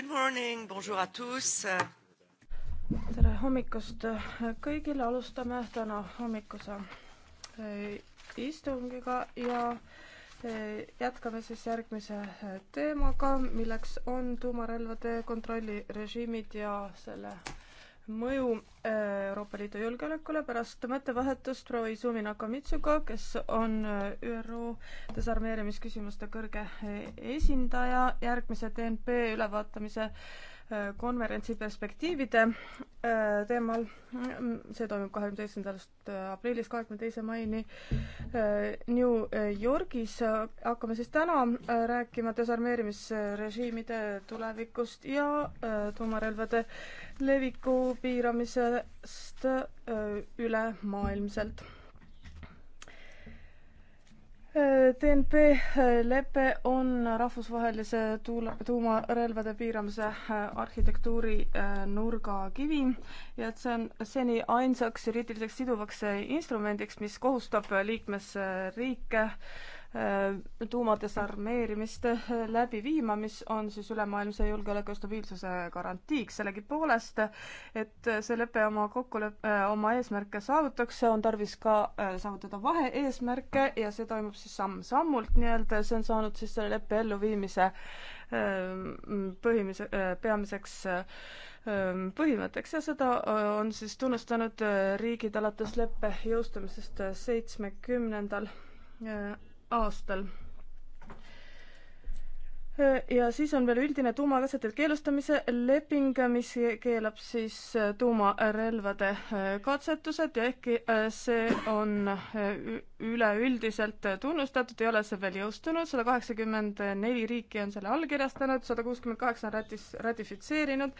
Good morning, bonjour à tous. tere hommikust kõigile, alustame täna hommikuse eh, istungiga ja eh, jätkame siis järgmise eh, teemaga, milleks on tuumarelvade kontrollirežiimid ja selle mõju äh, Euroopa Liidu julgeolekule pärast mõttevahetust proua Izumi Nakamitsuga, kes on äh, ÜRO desarmeerimisküsimuste kõrge äh, esindaja järgmise DNP ülevaatamise äh, konverentsi perspektiivide äh, teemal. Mm, see toimub kahekümne seitsmendast aprillist kahekümne teise maini äh, New Yorgis. hakkame siis täna äh, rääkima desarmeerimisrežiimide tulevikust ja tuumarelvade leviku piiramisest ülemaailmselt TNP lepe on rahvusvahelise tuula, tuumarelvade piiramise äh, arhitektuuri äh, nurgakivi ja et see on seni ainsaks juriidiliseks siduvaks äh, instrumendiks, mis kohustab liikmesriike Äh, tuuma desarmeerimist äh, läbi viima, mis on siis ülemaailmse julgeoleku stabiilsuse garantiiks. sellegipoolest, et see lepe oma kokkuleppe, äh, oma eesmärke saavutaks, on tarvis ka saavutada vahe-eesmärke ja see toimub siis samm-sammult nii-öelda, see on saanud siis selle leppe elluviimise ähm, põhimise, peamiseks ähm, põhimõtteks ja seda on siis tunnustanud riigid alates leppe jõustumisest seitsmekümnendal aastal ja siis on veel üldine tuumakassetide keelustamise leping, mis keelab siis äh, tuumarelvade äh, katsetused ja ehkki äh, see on üleüldiselt tunnustatud, ei ole see veel jõustunud, sada kaheksakümmend neli riiki on selle allkirjastanud, sada kuuskümmend kaheksa on ratis-, ratifitseerinud,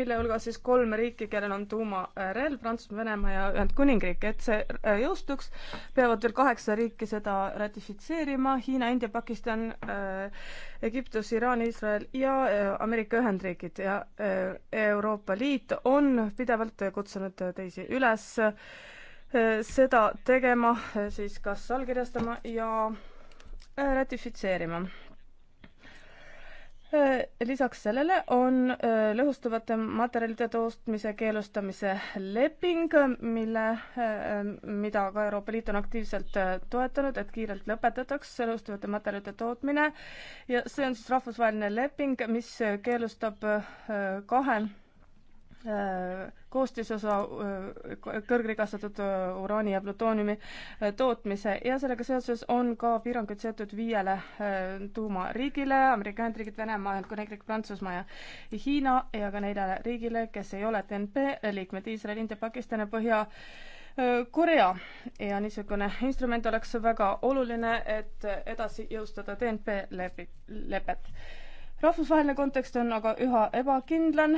mille hulgas siis kolm riiki, kellel on tuumarelv, Prantsusmaa, Venemaa ja Ühendkuningriik. et see jõustuks, peavad veel kaheksa riiki seda ratifitseerima, Hiina, India, Pakistan äh,, Egiptus, Iraan, Iisrael ja äh, Ameerika Ühendriigid ja äh, Euroopa Liit on pidevalt kutsunud teisi üles äh, seda tegema, siis kas allkirjastama ja ratifitseerima Äh, lisaks sellele on äh, lõhustuvate materjalide tootmise keelustamise leping, mille, äh, mida ka Euroopa Liit on aktiivselt toetanud, et kiirelt lõpetataks lõhustuvate materjalide tootmine ja see on siis rahvusvaheline leping, mis keelustab kahe koostisosa äh, kõrgrikastatud äh, uraani ja plutooniumi äh, tootmise ja sellega seoses on ka piirangud seotud viiele tuumariigile, Ameerika Ühendriigid, Venemaa, Ühendkuningriik, Prantsusmaa ja Hiina ja ka neljale riigile, kes ei ole TNP liikmed, Iisrael, India, Pakistan ja Põhja Korea ja niisugune instrument oleks väga oluline, et edasi jõustada TNP lepi-, lepet rahvusvaheline kontekst on aga üha ebakindlam,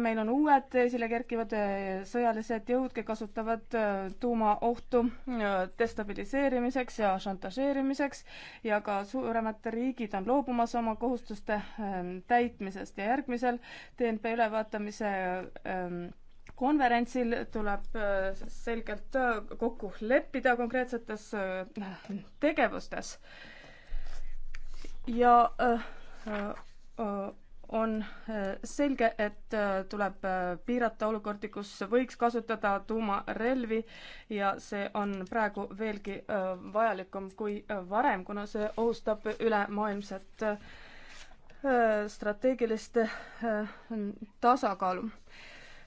meil on uued esile kerkivad eh, sõjalised jõud, kes kasutavad eh, tuumaohtu eh, destabiliseerimiseks ja šantažeerimiseks ja ka suuremad riigid on loobumas oma kohustuste ehm, täitmisest ja järgmisel DNP ülevaatamise ehm, konverentsil tuleb selgelt kokku leppida konkreetsetes tegevustes ja äh, Äh, äh, on äh, selge, et tuleb piirata olukordi, kus võiks kasutada tuumarelvi ja see on praegu veelgi vajalikum kui varem, kuna see ohustab ülemaailmset strateegilist tasakaalu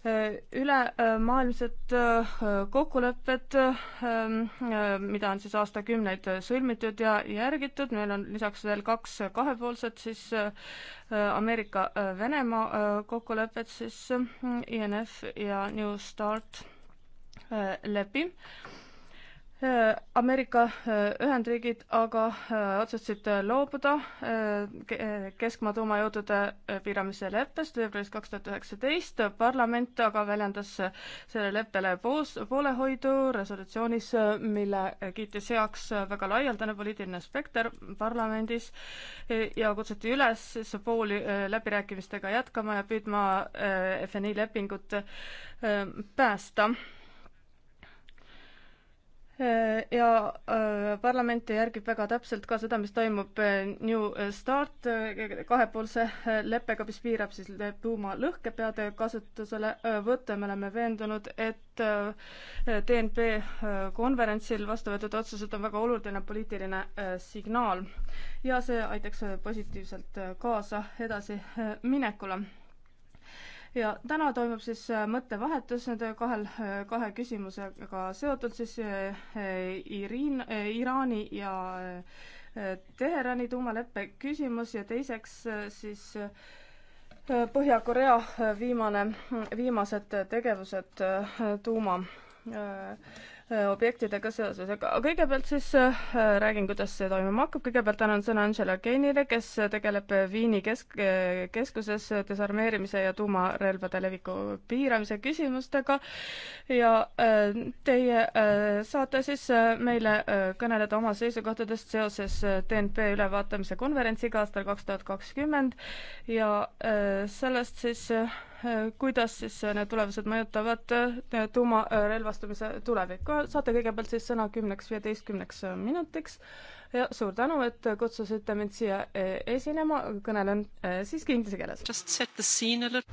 Äh, ülemaailmsed äh, kokkulepped, äh, mida on siis aastakümneid sõlmitud ja järgitud, meil on lisaks veel kaks kahepoolset siis Ameerika-Venemaa kokkulepet siis INF ja New Start leping Äh, Ameerika äh, Ühendriigid aga äh, otsustasid loobuda keskmaa tuumajõudude piiramise leppest veebruaris kaks tuhat üheksateist. parlament aga väljendas sellele leppele poos-, poolehoidu resolutsioonis, mille kiitis heaks väga laialdane poliitiline spekter parlamendis ja kutsuti üles siis pooli läbirääkimistega jätkama ja püüdma FNI lepingut päästa Äh, ja äh, parlament järgib väga täpselt ka seda, mis toimub äh, New Start kahepoolse leppega, mis piirab siis tuumalõhkepeade kasutuselevõttu ja me oleme veendunud, et DNB konverentsil vastu võetud otsused on väga oluline poliitiline signaal ja see aitaks positiivselt kaasa edasiminekule ja täna toimub siis äh, mõttevahetus nende kahel, äh, kahe küsimusega seotud siis äh, Iriin, Iraani ja Teherani tuumaleppe küsimus ja teiseks siis Põhja-Korea viimane, viimased tegevused tuuma Äh, objektidega seoses, aga kõigepealt siis äh, räägin, kuidas see toimuma hakkab, kõigepealt annan sõna Angela Keinile, kes tegeleb Viini kesk, keskuses desarmeerimise ja tuumarelvade leviku piiramise küsimustega ja äh, teie saate siis meile kõneleda oma seisukohtadest seoses DNP ülevaatamise konverentsiga aastal kaks tuhat kakskümmend ja sellest siis kuidas siis need tulevused mõjutavad tuumarelvastumise tulevikku aga saate kõigepealt siis sõna kümneks, viieteistkümneks minutiks ja suur tänu, et kutsusite mind siia e, esinema, kõnelen e, siiski inglise keeles.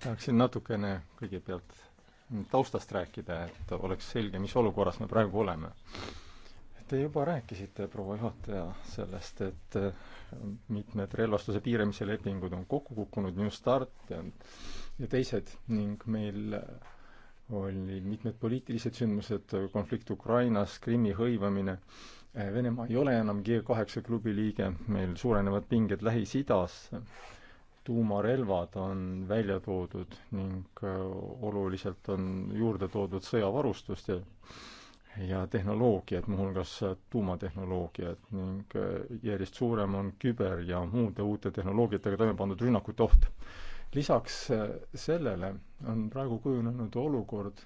tahaksin natukene kõigepealt taustast rääkida, et oleks selge, mis olukorras me praegu oleme. Te juba rääkisite, proua juhataja, sellest, et e, mitmed relvastuse piiramise lepingud on kokku kukkunud, New Start ja, ja teised ning meil olid mitmed poliitilised sündmused, konflikt Ukrainas, Krimmi hõivamine, eh, Venemaa ei ole enam G kaheksa klubi liige, meil suurenevad pinged Lähis-Idas, tuumarelvad on välja toodud ning eh, oluliselt on juurde toodud sõjavarustust ja ja tehnoloogiad, muuhulgas tuumatehnoloogiad ning eh, järjest suurem on küber ja muude uute tehnoloogiatega toime pandud rünnakute oht lisaks äh, sellele on praegu kujunenud olukord,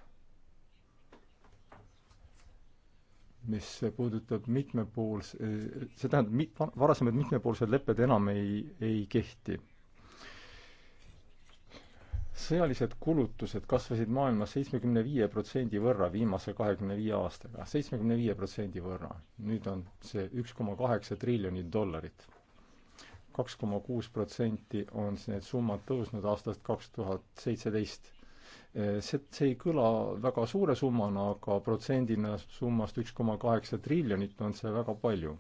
mis puudutab mitmepoolse, see tähendab, mit-, varasemad mitmepoolsed lepped enam ei, ei kehti. sõjalised kulutused kasvasid maailmas seitsmekümne viie protsendi võrra viimase kahekümne viie aastaga, seitsmekümne viie protsendi võrra. nüüd on see üks koma kaheksa triljonit dollarit kaks koma kuus protsenti on need summad tõusnud aastast kaks tuhat seitseteist. See, see ei kõla väga suure summana, aga protsendina summast üks koma kaheksa triljonit on see väga palju.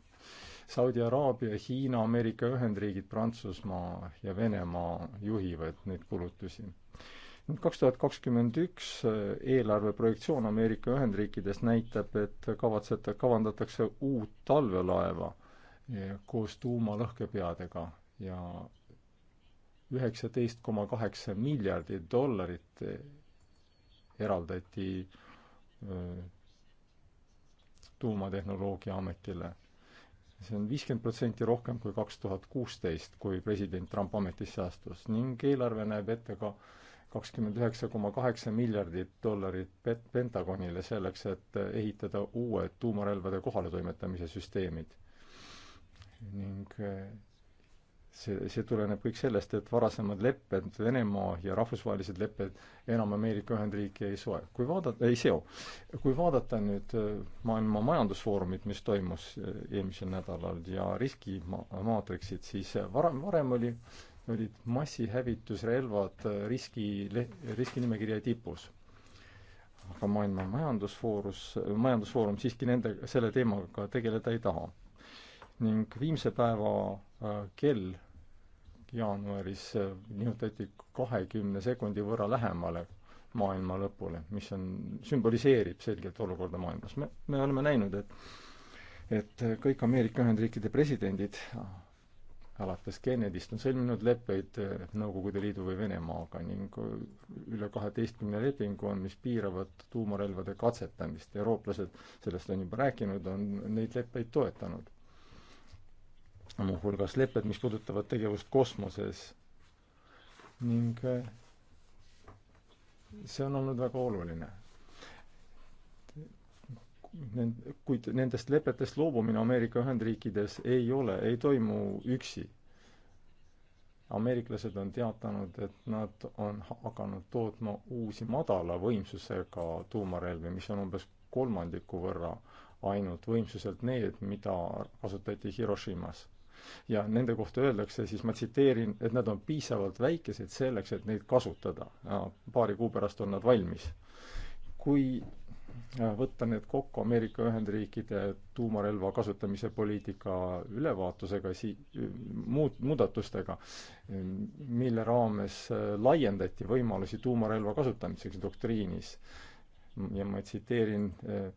Saudi Araabia, Hiina, Ameerika Ühendriigid, Prantsusmaa ja Venemaa juhivad neid kulutusi nüüd kaks tuhat kakskümmend üks eelarve projektsioon Ameerika Ühendriikides näitab, et kavatsete, kavandatakse uut talvelaeva koos tuumalõhkepeadega ja üheksateist koma kaheksa miljardit dollarit eraldati tuumatehnoloogia ametile. see on viiskümmend protsenti rohkem kui kaks tuhat kuusteist, kui president Trump ametisse astus ning eelarve näeb ette ka kakskümmend üheksa koma kaheksa miljardit dollarit pet-, Pentagonile selleks, et ehitada uued tuumarelvade kohaletoimetamise süsteemid ning äh, see, see tuleneb kõik sellest, et varasemad lepped, Venemaa ja rahvusvahelised lepped enam Ameerika Ühendriike ei soe. kui vaadata, ei seo. kui vaadata nüüd äh, Maailma Majandusfoorumit, mis toimus äh, eelmisel nädalal, ja riskimaatriksit, siis varem, varem oli, olid massihävitusrelvad riski, riskinimekirja tipus. aga Maailma Majandusfoorus, Majandusfoorum siiski nende, selle teemaga tegeleda ei taha ning viimse päeva äh, kell jaanuaris äh, nihutati kahekümne sekundi võrra lähemale maailma lõpule, mis on, sümboliseerib selgelt olukorda maailmas. me, me oleme näinud, et et kõik Ameerika Ühendriikide presidendid alates Kennedy'st on sõlminud leppeid äh, Nõukogude Liidu või Venemaaga ning üle kaheteistkümne lepingu on, mis piiravad tuumarelvade katsetamist. eurooplased, sellest on juba rääkinud, on neid leppeid toetanud muuhulgas lepped, mis puudutavad tegevust kosmoses ning eh, see on olnud väga oluline. Nend-, kuid nendest lepetest loobumine Ameerika Ühendriikides ei ole, ei toimu üksi. ameeriklased on teatanud, et nad on hakanud tootma uusi madala võimsusega tuumarelvi, mis on umbes kolmandiku võrra ainult võimsuselt need, mida kasutati Hiroshimas ja nende kohta öeldakse, siis ma tsiteerin, et nad on piisavalt väikesed selleks, et neid kasutada. paari kuu pärast on nad valmis. kui äh, võtta need kokku Ameerika Ühendriikide tuumarelva kasutamise poliitika ülevaatusega, si-, muud, muudatustega, mille raames äh, laiendati võimalusi tuumarelva kasutamiseks doktriinis, ja ma tsiteerin, äh,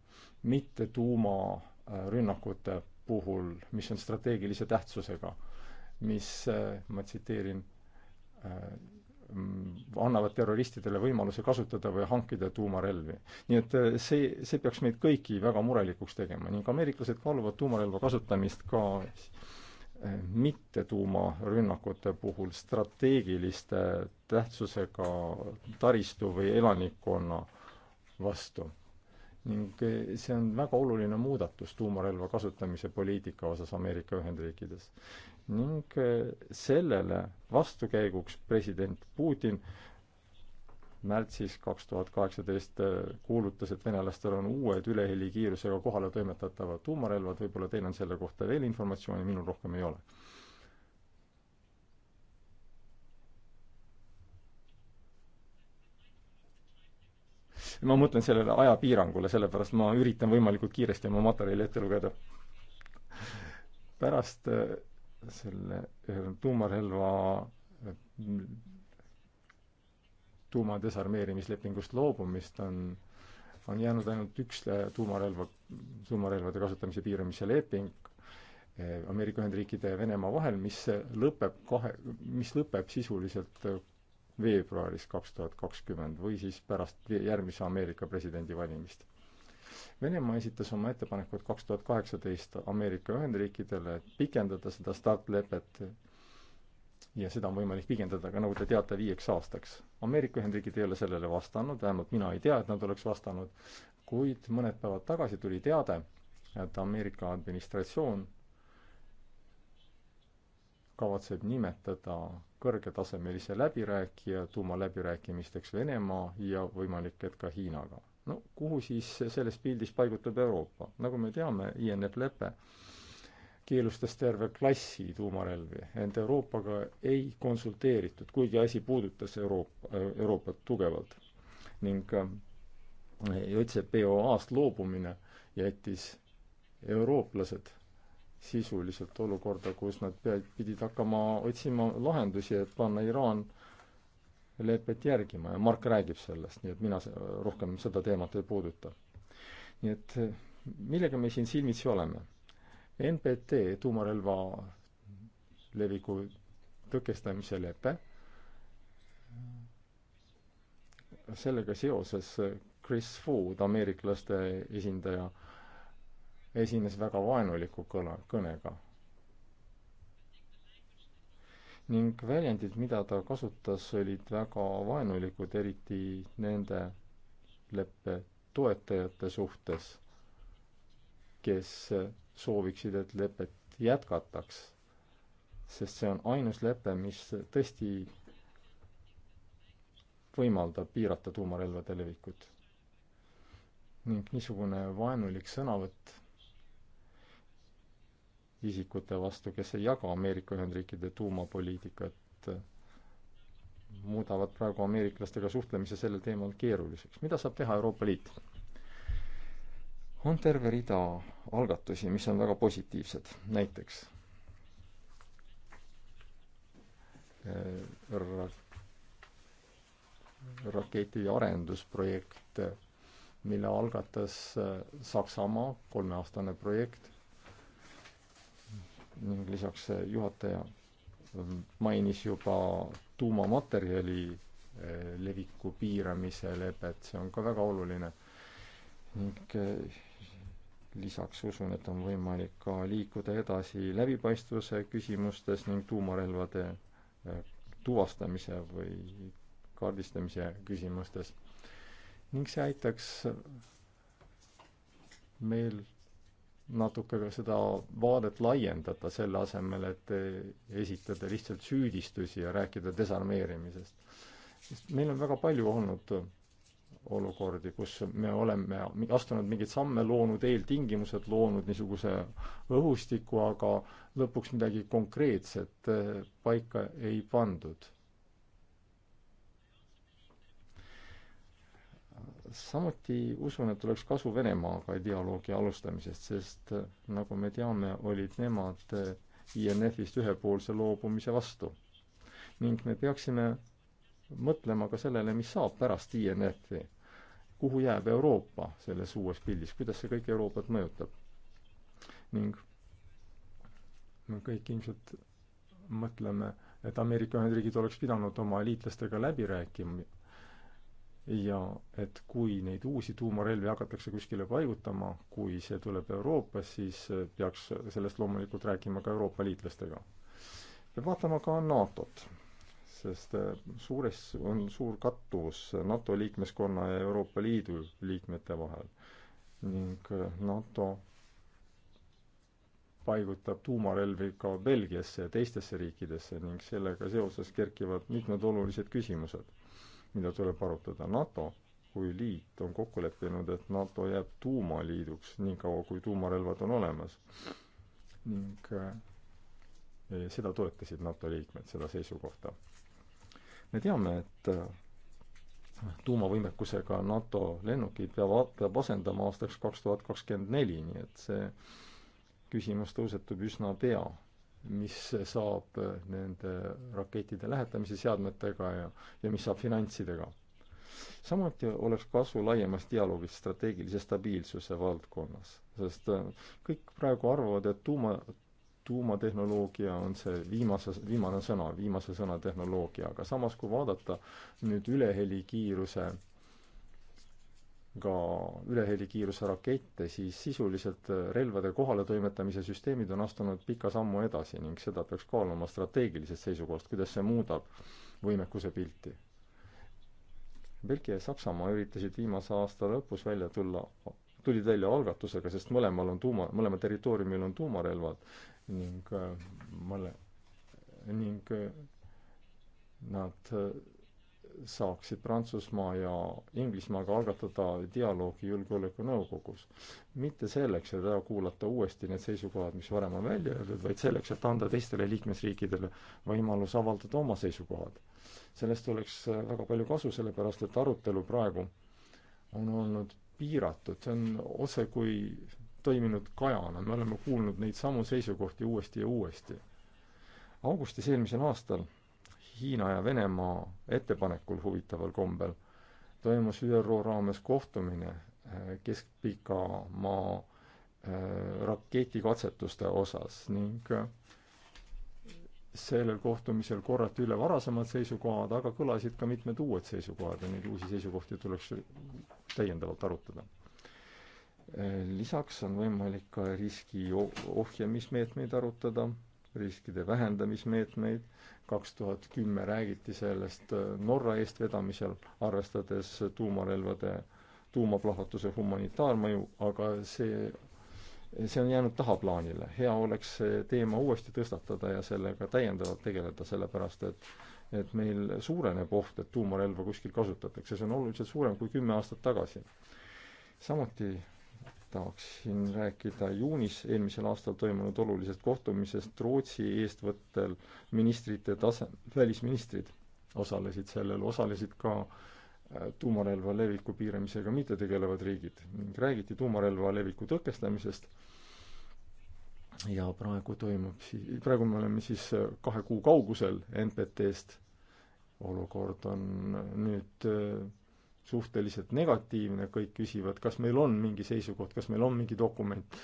mitte tuumarünnakute puhul, mis on strateegilise tähtsusega, mis, äh, ma tsiteerin, äh, mm, annavad terroristidele võimaluse kasutada või hankida tuumarelvi. nii et äh, see, see peaks meid kõiki väga murelikuks tegema ning ameeriklased kaaluvad tuumarelva kasutamist ka mittetuumarünnakute puhul strateegiliste tähtsusega taristu või elanikkonna vastu ning eh, see on väga oluline muudatus tuumarelva kasutamise poliitika osas Ameerika Ühendriikides. ning eh, sellele vastukäiguks president Putin märtsis kaks tuhat kaheksateist eh, kuulutas, et venelastel on uued ülehelikiirusega kohale toimetatavad tuumarelvad, võib-olla teil on selle kohta veel informatsiooni, minul rohkem ei ole ma mõtlen sellele ajapiirangule, sellepärast ma üritan võimalikult kiiresti oma materjali ette lugeda. pärast äh, selle äh, tuumarelva äh, tuuma desarmeerimislepingust loobumist on, on jäänud ainult üks tuumarelva, tuumarelvade kasutamise piiramise leping Ameerika Ühendriikide ja Venemaa vahel, mis lõpeb kahe, mis lõpeb sisuliselt veebruaris kaks tuhat kakskümmend või siis pärast järgmise Ameerika presidendivalimist. Venemaa esitas oma ettepanekud kaks tuhat kaheksateist Ameerika Ühendriikidele, et pikendada seda startlepet ja seda on võimalik pikendada ka nõude nagu teate viieks aastaks. Ameerika Ühendriigid ei ole sellele vastanud, vähemalt mina ei tea, et nad oleks vastanud, kuid mõned päevad tagasi tuli teade, et Ameerika administratsioon kavatseb nimetada kõrgetasemelise läbirääkija tuumaläbirääkimisteks Venemaa ja võimalik, et ka Hiinaga. no kuhu siis selles pildis paigutub Euroopa? nagu me teame, INF lepe keelustas terve klassi tuumarelvi, ent Euroopaga ei konsulteeritud, kuigi asi puudutas Euroopa, Euroopat tugevalt. ning äh, JCPOA-st loobumine jättis eurooplased sisuliselt olukorda, kus nad pead, pidid hakkama otsima lahendusi, et panna Iraan lepet järgima ja Mark räägib sellest, nii et mina rohkem seda teemat ei puuduta. nii et millega me siin silmitsi oleme? NPT, tuumarelva leviku tõkestamise lepe, sellega seoses Chris Food, ameeriklaste esindaja, esines väga vaenuliku kõla, kõnega. ning väljendid, mida ta kasutas, olid väga vaenulikud, eriti nende leppe toetajate suhtes, kes sooviksid, et lepet jätkataks. sest see on ainus lepe, mis tõesti võimaldab piirata tuumarelvade levikut. ning niisugune vaenulik sõnavõtt isikute vastu, kes ei jaga Ameerika Ühendriikide tuumapoliitikat, muudavad praegu ameeriklastega suhtlemise sellel teemal keeruliseks. mida saab teha Euroopa Liit? on terve rida algatusi, mis on väga positiivsed, näiteks äh, ra-, raketi arendusprojekt, mille algatas äh, Saksamaa, kolmeaastane projekt ning lisaks juhataja mainis juba tuumamaterjali eh, leviku piiramise lepet, see on ka väga oluline. ning eh, lisaks usun, et on võimalik ka liikuda edasi läbipaistvuse küsimustes ning tuumarelvade eh, tuvastamise või kaardistamise küsimustes. ning see aitaks meil natuke ka seda vaadet laiendada, selle asemel, et esitada lihtsalt süüdistusi ja rääkida desarmeerimisest. sest meil on väga palju olnud olukordi, kus me oleme astunud mingeid samme, loonud eeltingimused, loonud niisuguse õhustiku, aga lõpuks midagi konkreetset paika ei pandud. samuti usun, et oleks kasu Venemaaga dialoogi alustamisest, sest eh, nagu me teame, olid nemad eh, INF-ist ühepoolse loobumise vastu. ning me peaksime mõtlema ka sellele, mis saab pärast INF-i. kuhu jääb Euroopa selles uues pildis, kuidas see kõik Euroopat mõjutab? ning me kõik ilmselt mõtleme, et Ameerika Ühendriigid oleks pidanud oma liitlastega läbi rääkima ja et kui neid uusi tuumarelvi hakatakse kuskile paigutama, kui see tuleb Euroopas, siis äh, peaks sellest loomulikult rääkima ka Euroopa liitlastega. peab vaatama ka NATO-t, sest äh, suures, on suur kattuvus NATO liikmeskonna ja Euroopa Liidu liikmete vahel ning äh, NATO paigutab tuumarelvi ka Belgiasse ja teistesse riikidesse ning sellega seoses kerkivad mitmed olulised küsimused mida tuleb arutada. NATO kui liit on kokku leppinud, et NATO jääb tuumaliiduks niikaua, kui tuumarelvad on olemas. ning eh, eh, seda toetasid NATO liikmed, seda seisukohta. me teame, et eh, tuumavõimekusega NATO lennukid peab, peab asendama aastaks kaks tuhat kakskümmend neli, nii et see küsimus tõusetub üsna pea mis saab nende rakettide lähetamise seadmetega ja, ja mis saab finantsidega. samuti oleks kasu laiemast dialoogist strateegilise stabiilsuse valdkonnas, sest äh, kõik praegu arvavad, et tuuma, tuumatehnoloogia on see viimase, viimane sõna, viimase sõna tehnoloogia, aga samas, kui vaadata nüüd ülehelikiiruse ka ülehelikiiruse rakette, siis sisuliselt äh, relvade kohaletoimetamise süsteemid on astunud pika sammu edasi ning seda peaks kaaluma strateegilisest seisukohast, kuidas see muudab võimekuse pilti. Belgia ja Saksamaa üritasid viimase aasta lõpus välja tulla, tulid välja algatusega, sest mõlemal on tuuma, mõlema territooriumil on tuumarelvad ning äh, mõle- äh,, ning äh, nad äh, saaksid Prantsusmaa ja Inglismaaga algatada dialoogi Julgeolekunõukogus. mitte selleks, et ära kuulata uuesti need seisukohad, mis varem on välja öeldud, vaid selleks, et anda teistele liikmesriikidele võimalus avaldada oma seisukohad. sellest oleks väga palju kasu, sellepärast et arutelu praegu on olnud piiratud, see on otsekui toiminud kajana, me oleme kuulnud neid samu seisukohti uuesti ja uuesti. augustis eelmisel aastal Hiina ja Venemaa ettepanekul huvitaval kombel toimus ÜRO raames kohtumine äh, keskpikamaa äh, raketikatsetuste osas ning äh, sellel kohtumisel korrati üle varasemad seisukohad, aga kõlasid ka mitmed uued seisukohad ja neid uusi seisukohti tuleks täiendavalt arutada. lisaks on võimalik ka riski ohjamismeetmeid arutada riskide vähendamismeetmeid, kaks tuhat kümme räägiti sellest äh, Norra eestvedamisel, arvestades tuumarelvade, tuumaplahvatuse humanitaarmõju, aga see, see on jäänud tahaplaanile. hea oleks see teema uuesti tõstatada ja sellega täiendavalt tegeleda, sellepärast et et meil suureneb oht, et tuumarelva kuskil kasutatakse, see on oluliselt suurem kui kümme aastat tagasi. samuti tahaksin rääkida juunis eelmisel aastal toimunud olulisest kohtumisest Rootsi eestvõttel ministrite tase, välisministrid osalesid sellel, osalesid ka äh, tuumarelva leviku piiramisega mitte tegelevad riigid ning räägiti tuumarelva leviku tõkestamisest ja praegu toimub siis, praegu me oleme siis äh, kahe kuu kaugusel NPT-st. olukord on nüüd äh, suhteliselt negatiivne, kõik küsivad, kas meil on mingi seisukoht, kas meil on mingi dokument.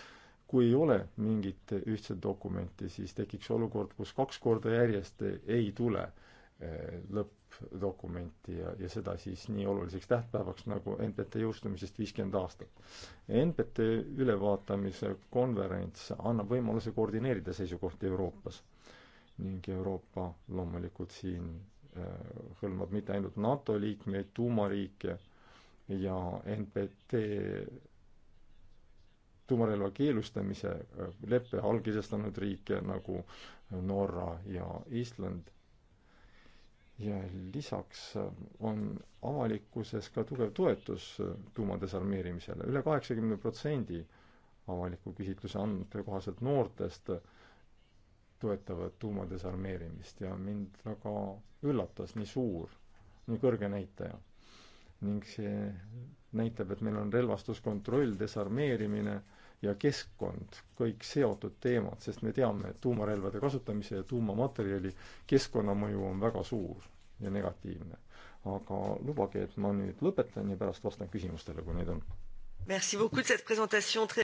kui ei ole mingit ühtset dokumenti, siis tekiks olukord, kus kaks korda järjest ei tule eh, lõppdokumenti ja, ja seda siis nii oluliseks tähtpäevaks nagu NPT jõustumisest viiskümmend aastat. NPT ülevaatamise konverents annab võimaluse koordineerida seisukohti Euroopas ning Euroopa loomulikult siin hõlmab mitte ainult NATO liikmeid, tuumariike ja NPT tuumarelva keelustamise äh, leppe allkirjastanud riike nagu Norra ja Island. ja lisaks äh, on avalikkuses ka tugev toetus äh, tuuma desarmeerimisele üle, üle kaheksakümne protsendi avaliku küsitluse andmete kohaselt noortest äh, toetavad tuumadesarmeerimist ja mind väga üllatas nii suur, nii kõrge näitaja. ning see näitab, et meil on relvastuskontroll, desarmeerimine ja keskkond kõik seotud teemad, sest me teame, et tuumarelvade kasutamise ja tuumamaterjali keskkonnamõju on väga suur ja negatiivne. aga lubage, et ma nüüd lõpetan ja pärast vastan küsimustele, kui neid on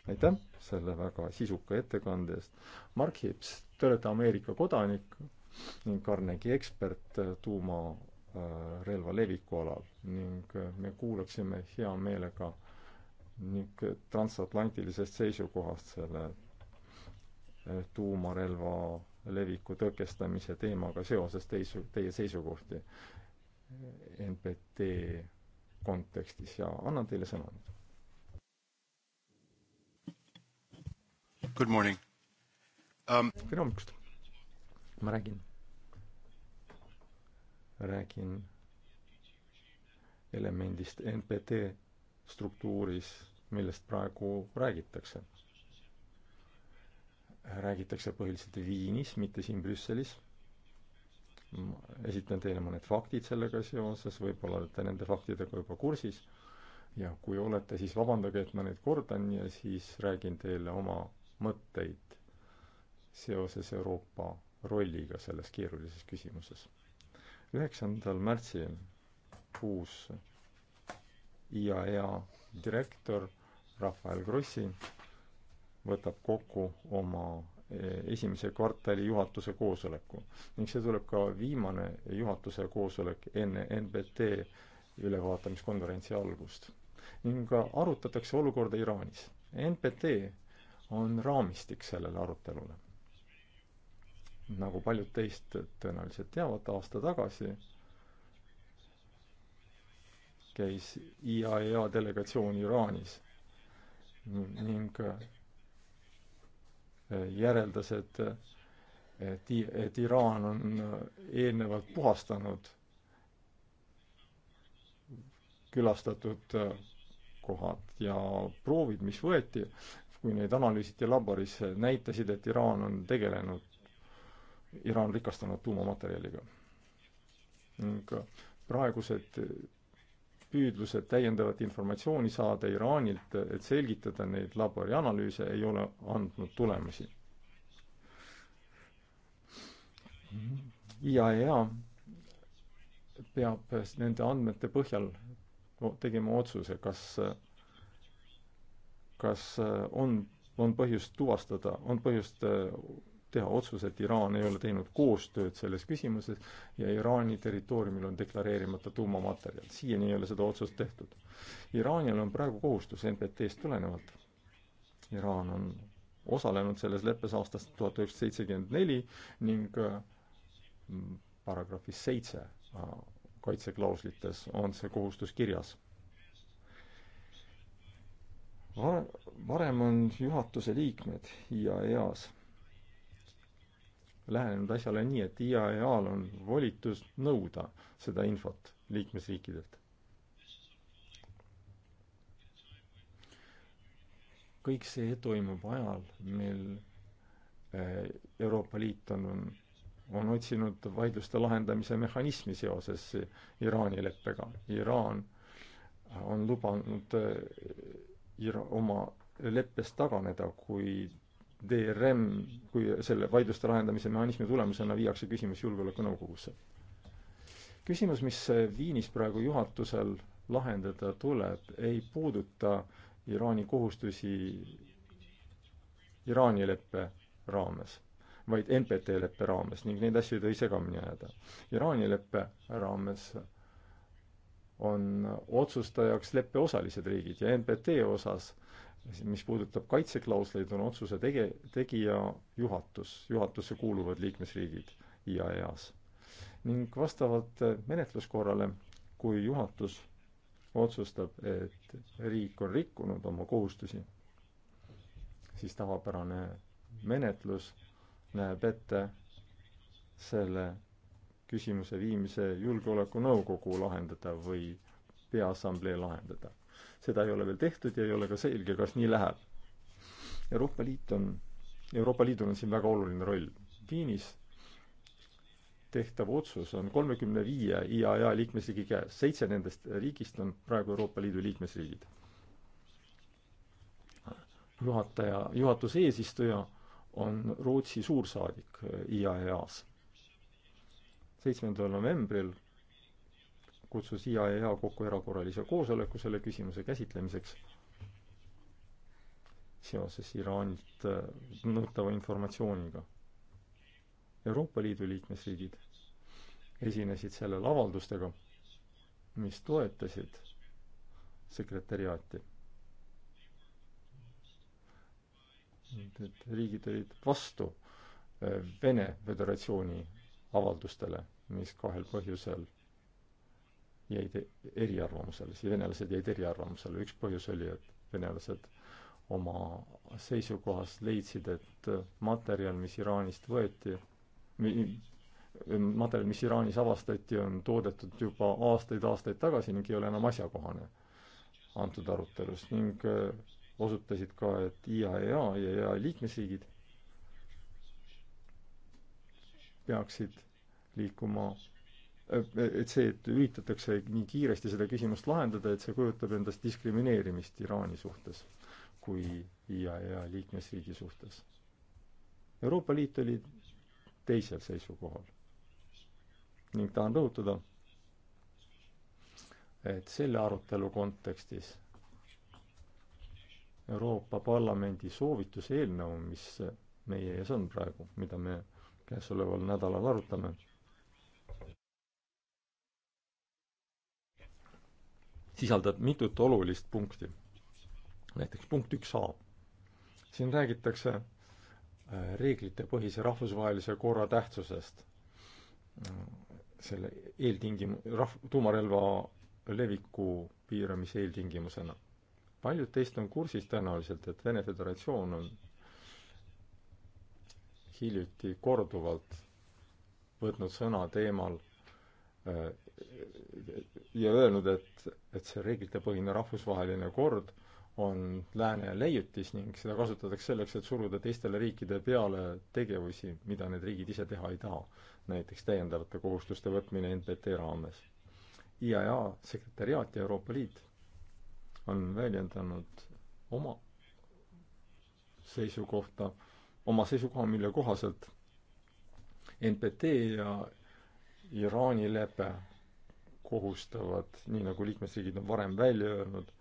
aitäh selle väga sisuka ettekande eest. Mark Hips, te olete Ameerika kodanik ning Carnegie ekspert tuumarelva äh, leviku alal ning äh, me kuulaksime hea meelega ning transatlantilisest seisukohast selle äh, tuumarelva leviku tõkestamise teemaga seoses teisu, teie seisukohti NPT kontekstis ja annan teile sõna nüüd Good morning um.... tere hommikust. ma räägin, räägin elemendist NPT struktuuris, millest praegu räägitakse. räägitakse põhiliselt Viinis, mitte siin Brüsselis esitan teile mõned faktid sellega seoses, võib-olla olete nende faktidega juba kursis ja kui olete, siis vabandage, et ma neid kordan ja siis räägin teile oma mõtteid seoses Euroopa rolliga selles keerulises küsimuses. üheksandal märtsil uus IAEA e direktor Rafael Grossi võtab kokku oma eh, esimese kvartali juhatuse koosoleku ning see tuleb ka viimane juhatuse koosolek enne NBT ülevaatamiskonverentsi algust. ning arutatakse olukorda Iraanis. NBT on raamistik sellele arutelule. nagu paljud teist tõenäoliselt teavad, aasta tagasi käis IAEA e delegatsioon Iraanis ning eh, järeldas, et et, et Iraan on eelnevalt puhastanud külastatud kohad ja proovid, mis võeti, kui neid analüüsiti laboris, näitasid, et Iraan on tegelenud, Iraan rikastanud tuumamaterjaliga. ning praegused püüdlused täiendavat informatsiooni saada Iraanilt, et selgitada neid labori analüüse, ei ole andnud tulemusi. IAEA peab nende andmete põhjal tegema otsuse, kas kas äh, on, on põhjust tuvastada, on põhjust äh, teha otsus, et Iraan ei ole teinud koostööd selles küsimuses ja Iraani territooriumil on deklareerimata tuumamaterjal. siiani ei ole seda otsust tehtud. Iraanil on praegu kohustus NPT-st tulenevalt. Iraan on osalenud selles leppes aastast tuhat üheksasada seitsekümmend neli ning äh, paragrahvis seitse kaitseklauslites on see kohustus kirjas Var-, varem on juhatuse liikmed IAEA-s lähenenud asjale nii, et IAEA-l on volitus nõuda seda infot liikmesriikidelt. kõik see toimub ajal, mil eh, Euroopa Liit on, on, on otsinud vaidluste lahendamise mehhanismi seoses Iraani leppega. Iraan on lubanud eh, Ira oma leppest taganeda, kui DRM, kui selle vaidluste lahendamise mehhanismi tulemusena viiakse küsimus Julgeolekunõukogusse. küsimus, mis Viinis praegu juhatusel lahendada tuleb, ei puuduta Iraani kohustusi Iraani leppe raames, vaid NPT leppe raames ning neid asju ei tohi segamini ajada. Iraani leppe raames on otsustajaks leppeosalised riigid ja NPT osas, mis puudutab kaitseklausleid, on otsuse tege-, tegija juhatus, juhatusse kuuluvad liikmesriigid IAEA-s. ning vastavalt menetluskorrale, kui juhatus otsustab, et riik on rikkunud oma kohustusi, siis tavapärane menetlus näeb ette selle küsimuse viimise Julgeolekunõukogu lahendada või Peaassamblee lahendada. seda ei ole veel tehtud ja ei ole ka selge, kas nii läheb. Euroopa Liit on, Euroopa Liidul on siin väga oluline roll. Viinis tehtav otsus on kolmekümne viie IAEA liikmesriigi käes, seitse nendest riigist on praegu Euroopa Liidu liikmesriigid. juhataja, juhatuse eesistuja on Rootsi suursaadik IAEA-s seitsmendal novembril kutsus IAEA kokku erakorralise koosoleku selle küsimuse käsitlemiseks seoses Iraanilt äh, nõutava informatsiooniga. Euroopa Liidu liikmesriigid esinesid sellel avaldustega, mis toetasid sekretäriaati. et riigid olid vastu äh, Vene Föderatsiooni avaldustele, mis kahel põhjusel jäid eriarvamusele, siis venelased jäid eriarvamusele, üks põhjus oli, et venelased oma seisukohas leidsid, et materjal, mis Iraanist võeti, materjal, mis Iraanis avastati, on toodetud juba aastaid-aastaid tagasi ning ei ole enam asjakohane antud arutelus ning eh, osutasid ka, et IAEA e ja EA liikmesriigid peaksid liikuma, et see, et üritatakse nii kiiresti seda küsimust lahendada, et see kujutab endast diskrimineerimist Iraani suhtes kui IAEA liikmesriigi suhtes. Euroopa Liit oli teisel seisukohal ning tahan rõhutada, et selle arutelu kontekstis Euroopa Parlamendi soovituse eelnõu, mis meie ees on praegu, mida me käesoleval nädalal arutame. sisaldab mitut olulist punkti. näiteks punkt üks A. siin räägitakse äh, reeglitepõhise rahvusvahelise korra tähtsusest. selle eeltingim-, rahv-, tuumarelva leviku piiramise eeltingimusena. paljud teist on kursis tõenäoliselt, et Vene Föderatsioon on hiljuti korduvalt võtnud sõna teemal äh, ja öelnud, et, et see reeglitepõhine rahvusvaheline kord on lääne leiutis ning seda kasutatakse selleks, et suruda teistele riikide peale tegevusi, mida need riigid ise teha ei taha. näiteks täiendavate kohustuste võtmine NPT raames. IAEA sekretäriaat ja Euroopa Liit on väljendanud oma seisukohta äh, oma seisukoha, mille kohaselt NPT ja Iraani lepe kohustavad, nii nagu liikmesriigid on varem välja öelnud,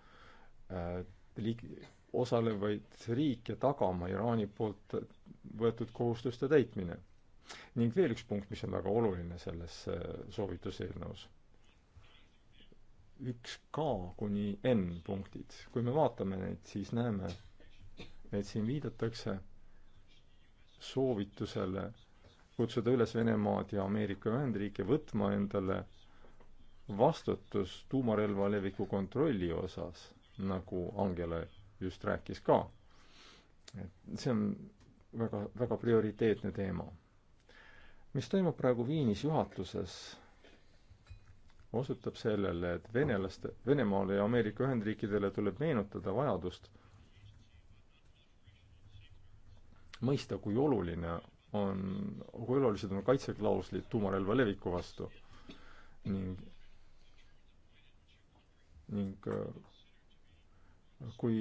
äh, liik-, osalevaid riike tagama Iraani poolt võetud kohustuste täitmine. ning veel üks punkt, mis on väga oluline selles äh, soovituseelnõus. üks K kuni N punktid. kui me vaatame neid, siis näeme, et siin viidatakse soovitusele kutsuda üles Venemaad ja Ameerika Ühendriike võtma endale vastutus tuumarelva leviku kontrolli osas, nagu Angela just rääkis ka. et see on väga, väga prioriteetne teema. mis toimub praegu Viinis juhatuses, osutab sellele, et venelaste, Venemaale ja Ameerika Ühendriikidele tuleb meenutada vajadust mõista, kui oluline on, kui olulised on kaitseklauslid tuumarelva leviku vastu ning, ning äh, kui,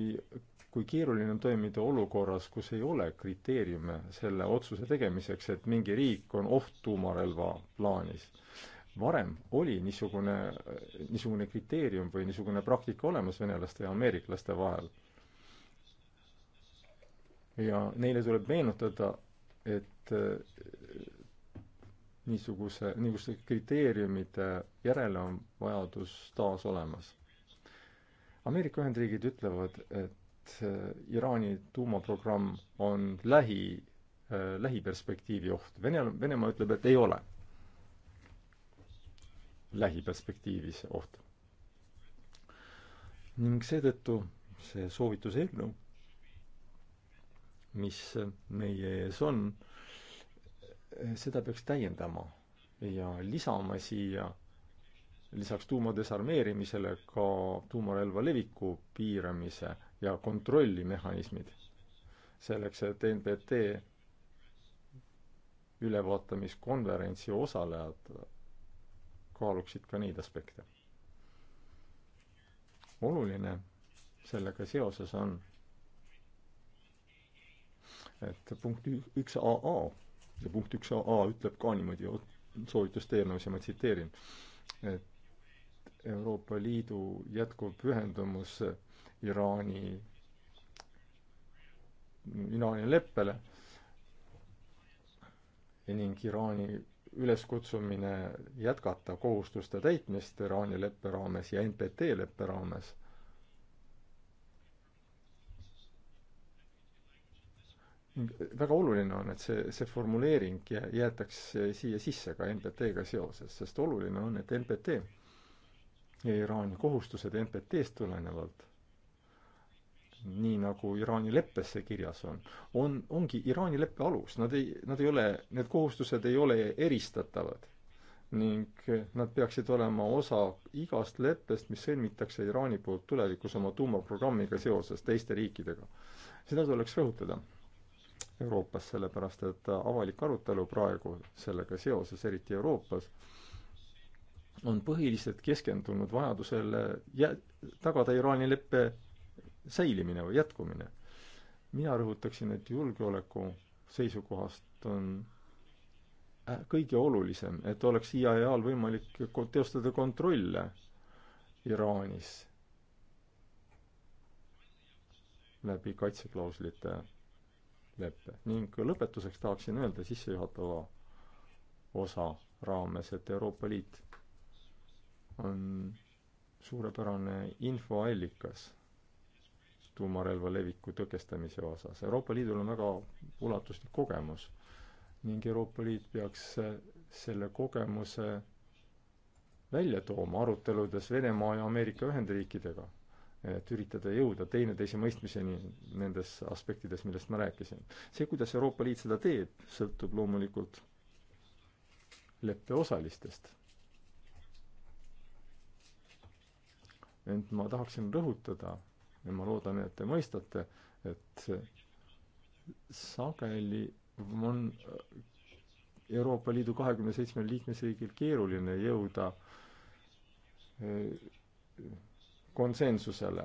kui keeruline on toimida olukorras, kus ei ole kriteeriume selle otsuse tegemiseks, et mingi riik on oht tuumarelva plaanis varem oli niisugune, niisugune kriteerium või niisugune praktika olemas venelaste ja ameeriklaste vahel ja neile tuleb meenutada, et äh, niisuguse, niisuguste kriteeriumide järele on vajadus taas olemas. Ameerika Ühendriigid ütlevad, et äh, Iraani tuumaprogramm on lähi, äh, lähiperspektiivi oht. Venemaal, Venemaa ütleb, et ei ole lähiperspektiivis oht. ning seetõttu see soovituse eelnõu no mis meie ees on, seda peaks täiendama ja lisama siia lisaks tuumadesarmeerimisele ka tuumarelva leviku piiramise ja kontrollimehhanismid. selleks, et NPT ülevaatamiskonverentsi osalejad kaaluksid ka neid aspekte. oluline sellega seoses on et punkt üks AA ja punkt üks AA ütleb ka niimoodi soovitust eelnõus ja ma tsiteerin, et Euroopa Liidu jätkuv pühendumus Iraani, Iraani leppele ning Iraani üleskutsumine jätkata kohustuste täitmist Iraani leppe raames ja NPT leppe raames väga oluline on, et see, see formuleering jäetaks siia sisse ka NPT-ga seoses, sest oluline on, et NPT ja Iraani kohustused NPT-st tulenevalt, nii nagu Iraani leppes see kirjas on, on, ongi Iraani leppe alus, nad ei, nad ei ole, need kohustused ei ole eristatavad. ning nad peaksid olema osa igast leppest, mis sõlmitakse Iraani poolt tulevikus oma tuumaprogrammiga seoses teiste riikidega. seda tuleks rõhutada Euroopas, sellepärast et avalik arutelu praegu sellega seoses, eriti Euroopas, on põhiliselt keskendunud vajadusele jä-, tagada Iraani leppe säilimine või jätkumine. mina rõhutaksin, et julgeoleku seisukohast on kõige olulisem, et oleks IAEA-l võimalik teostada kontrolle Iraanis läbi kaitseklauslite leppe. ning lõpetuseks tahaksin öelda sissejuhatava osa raames, et Euroopa Liit on suurepärane infoallikas tuumarelva leviku tõkestamise osas. Euroopa Liidul on väga ulatuslik kogemus ning Euroopa Liit peaks selle kogemuse välja tooma aruteludes Venemaa ja Ameerika Ühendriikidega et üritada jõuda teineteise mõistmiseni nendes aspektides, millest ma rääkisin. see, kuidas Euroopa Liit seda teeb, sõltub loomulikult leppe osalistest. ent ma tahaksin rõhutada ja ma loodan, et te mõistate, et sageli on Euroopa Liidu kahekümne seitsmel liikmesriigil keeruline jõuda eh, konsensusele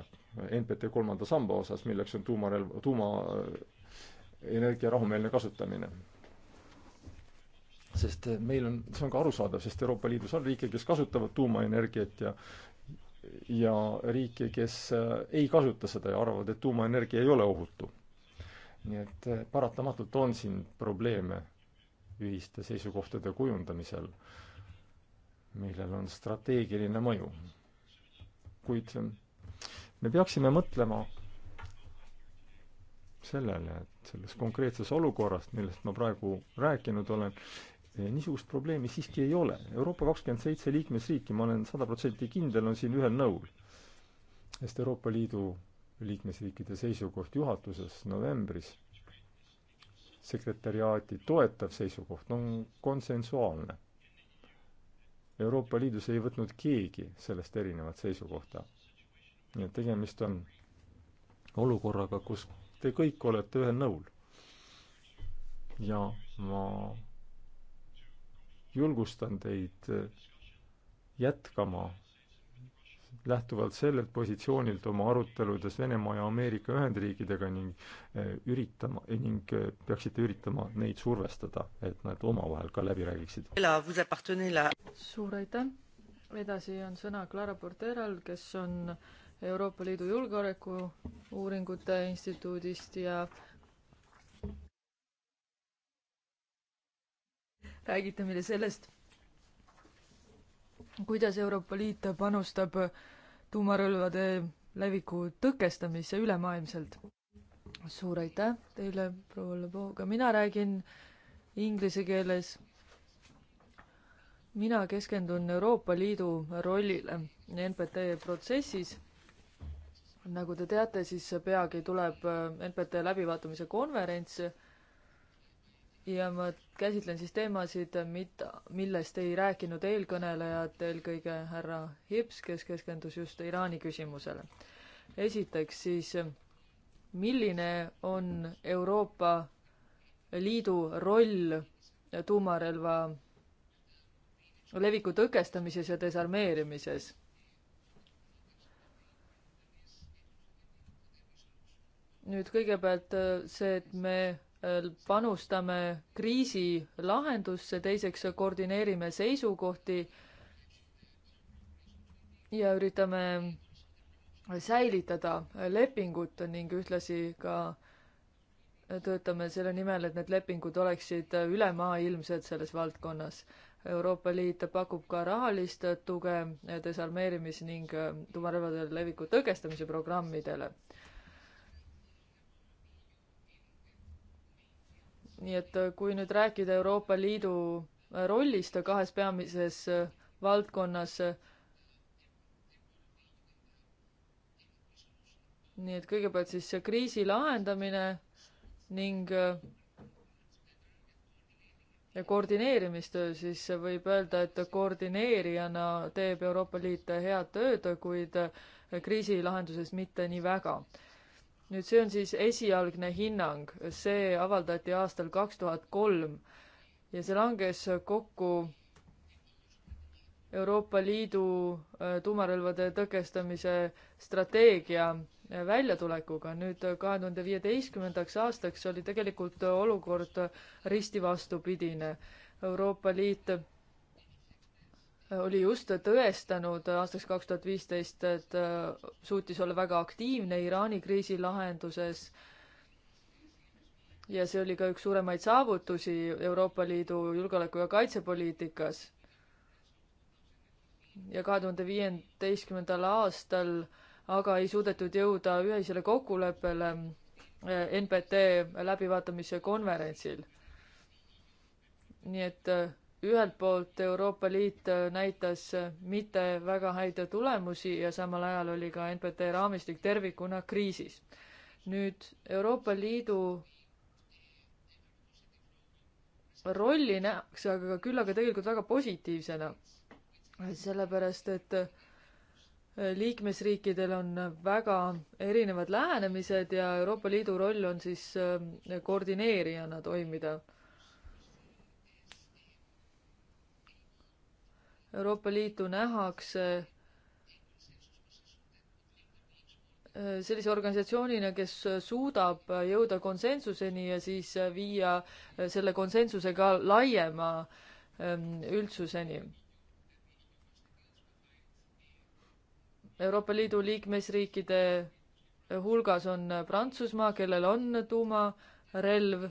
NPT kolmanda samba osas, milleks on tuumarelv, tuumaenergia rahumeelne kasutamine. sest eh, meil on, see on ka arusaadav, sest Euroopa Liidus on riike, kes kasutavad tuumaenergiat ja ja riike, kes eh, ei kasuta seda ja arvavad, et tuumaenergia ei ole ohutu. nii et eh, paratamatult on siin probleeme ühiste seisukohtade kujundamisel, millel on strateegiline mõju kuid me peaksime mõtlema sellele, et selles konkreetses olukorras, millest ma praegu rääkinud olen, eh, niisugust probleemi siiski ei ole. Euroopa kakskümmend seitse liikmesriiki, ma olen sada protsenti kindel, on siin ühel nõul. sest Euroopa Liidu liikmesriikide seisukoht juhatuses novembris, sekretäriaati toetav seisukoht on konsensuaalne Euroopa Liidus ei võtnud keegi sellest erinevat seisukohta. nii et tegemist on olukorraga, kus te kõik olete ühel nõul. ja ma julgustan teid jätkama lähtuvalt sellelt positsioonilt oma aruteludes Venemaa ja Ameerika Ühendriikidega ning eh, üritama, eh, ning eh, peaksite üritama neid survestada, et nad omavahel ka läbi räägiksid. suur aitäh! edasi on sõna Clara Porteral, kes on Euroopa Liidu Julgeolekuuuringute Instituudist ja räägite meile sellest, kuidas Euroopa Liit panustab tuumarelvade leviku tõkestamise ülemaailmselt. suur aitäh teile, proua Lebo, ka mina räägin inglise keeles. mina keskendun Euroopa Liidu rollile NPT protsessis. nagu te teate, siis peagi tuleb NPT läbivaatamise konverents ja ma käsitlen siis teemasid, mida, millest ei rääkinud eelkõnelejad, eelkõige härra Hips, kes keskendus just Iraani küsimusele. esiteks siis, milline on Euroopa Liidu roll tuumarelva leviku tõkestamises ja desarmeerimises nüüd kõigepealt see, et me Äh, panustame kriisi lahendusse, teiseks koordineerime seisukohti ja üritame säilitada lepingut ning ühtlasi ka töötame selle nimel, et need lepingud oleksid ülemaailmsed selles valdkonnas. Euroopa Liit pakub ka rahalist tuge desarmeerimis- ning tuumarelvade leviku tõkestamise programmidele. nii et äh, kui nüüd rääkida Euroopa Liidu äh, rollist kahes peamises äh, valdkonnas, nii et kõigepealt siis see kriisi lahendamine ning ja koordineerimistöö, siis võib öelda, et koordineerijana teeb Euroopa Liit head tööd, kuid kriisilahenduses mitte nii väga nüüd see on siis esialgne hinnang, see avaldati aastal kaks tuhat kolm ja see langes kokku Euroopa Liidu äh, tuumarelvade tõkestamise strateegia äh, väljatulekuga. nüüd äh, kahe tuhande viieteistkümnendaks aastaks oli tegelikult olukord risti vastupidine. Euroopa Liit oli just tõestanud aastaks kaks tuhat viisteist, et äh, suutis olla väga aktiivne Iraani kriisi lahenduses. ja see oli ka üks suuremaid saavutusi Euroopa Liidu julgeoleku- ja kaitsepoliitikas. ja kahe tuhande viieteistkümnendal aastal aga ei suudetud jõuda ühisele kokkuleppele äh, NPT läbivaatamise konverentsil. nii et äh, ühelt poolt Euroopa Liit äh, näitas äh, mitte väga häid tulemusi ja samal ajal oli ka NPT raamistik tervikuna kriisis. nüüd Euroopa Liidu rolli nähakse aga küll aga tegelikult väga positiivsena, sellepärast et äh, liikmesriikidel on väga erinevad lähenemised ja Euroopa Liidu roll on siis koordineerijana toimida Euroopa Liitu nähakse äh, sellise organisatsioonina, kes suudab jõuda konsensuseni ja siis viia äh, selle konsensuse ka laiema ähm, üldsuseni. Euroopa Liidu liikmesriikide hulgas on Prantsusmaa, kellel on tuumarelv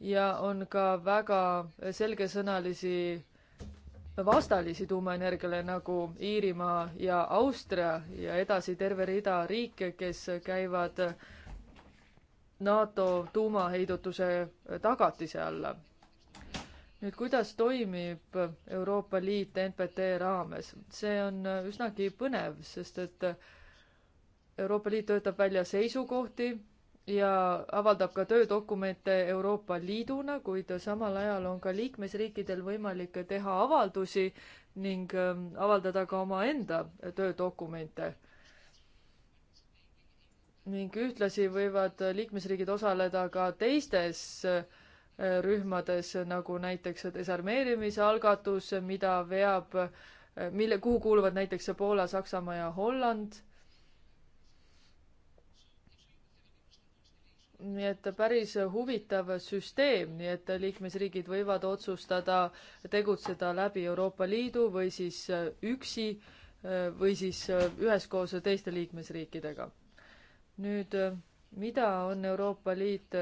ja on ka väga selgesõnalisi vastalisi tuumaenergiale, nagu Iirimaa ja Austria ja edasi terve rida riike, kes käivad NATO tuumaheidutuse tagatise alla. nüüd, kuidas toimib Euroopa Liit NPT raames? see on üsnagi põnev, sest et Euroopa Liit töötab välja seisukohti ja avaldab ka töödokumente Euroopa Liiduna, kuid samal ajal on ka liikmesriikidel võimalik teha avaldusi ning ähm, avaldada ka omaenda töödokumente. ning ühtlasi võivad liikmesriigid osaleda ka teistes äh, rühmades, nagu näiteks desarmeerimise algatus, mida veab, äh, mille, kuhu kuuluvad näiteks Poola, Saksamaa ja Holland nii et päris huvitav süsteem, nii et liikmesriigid võivad otsustada tegutseda läbi Euroopa Liidu või siis äh, üksi äh, või siis äh, üheskoos teiste liikmesriikidega. nüüd, mida on Euroopa Liit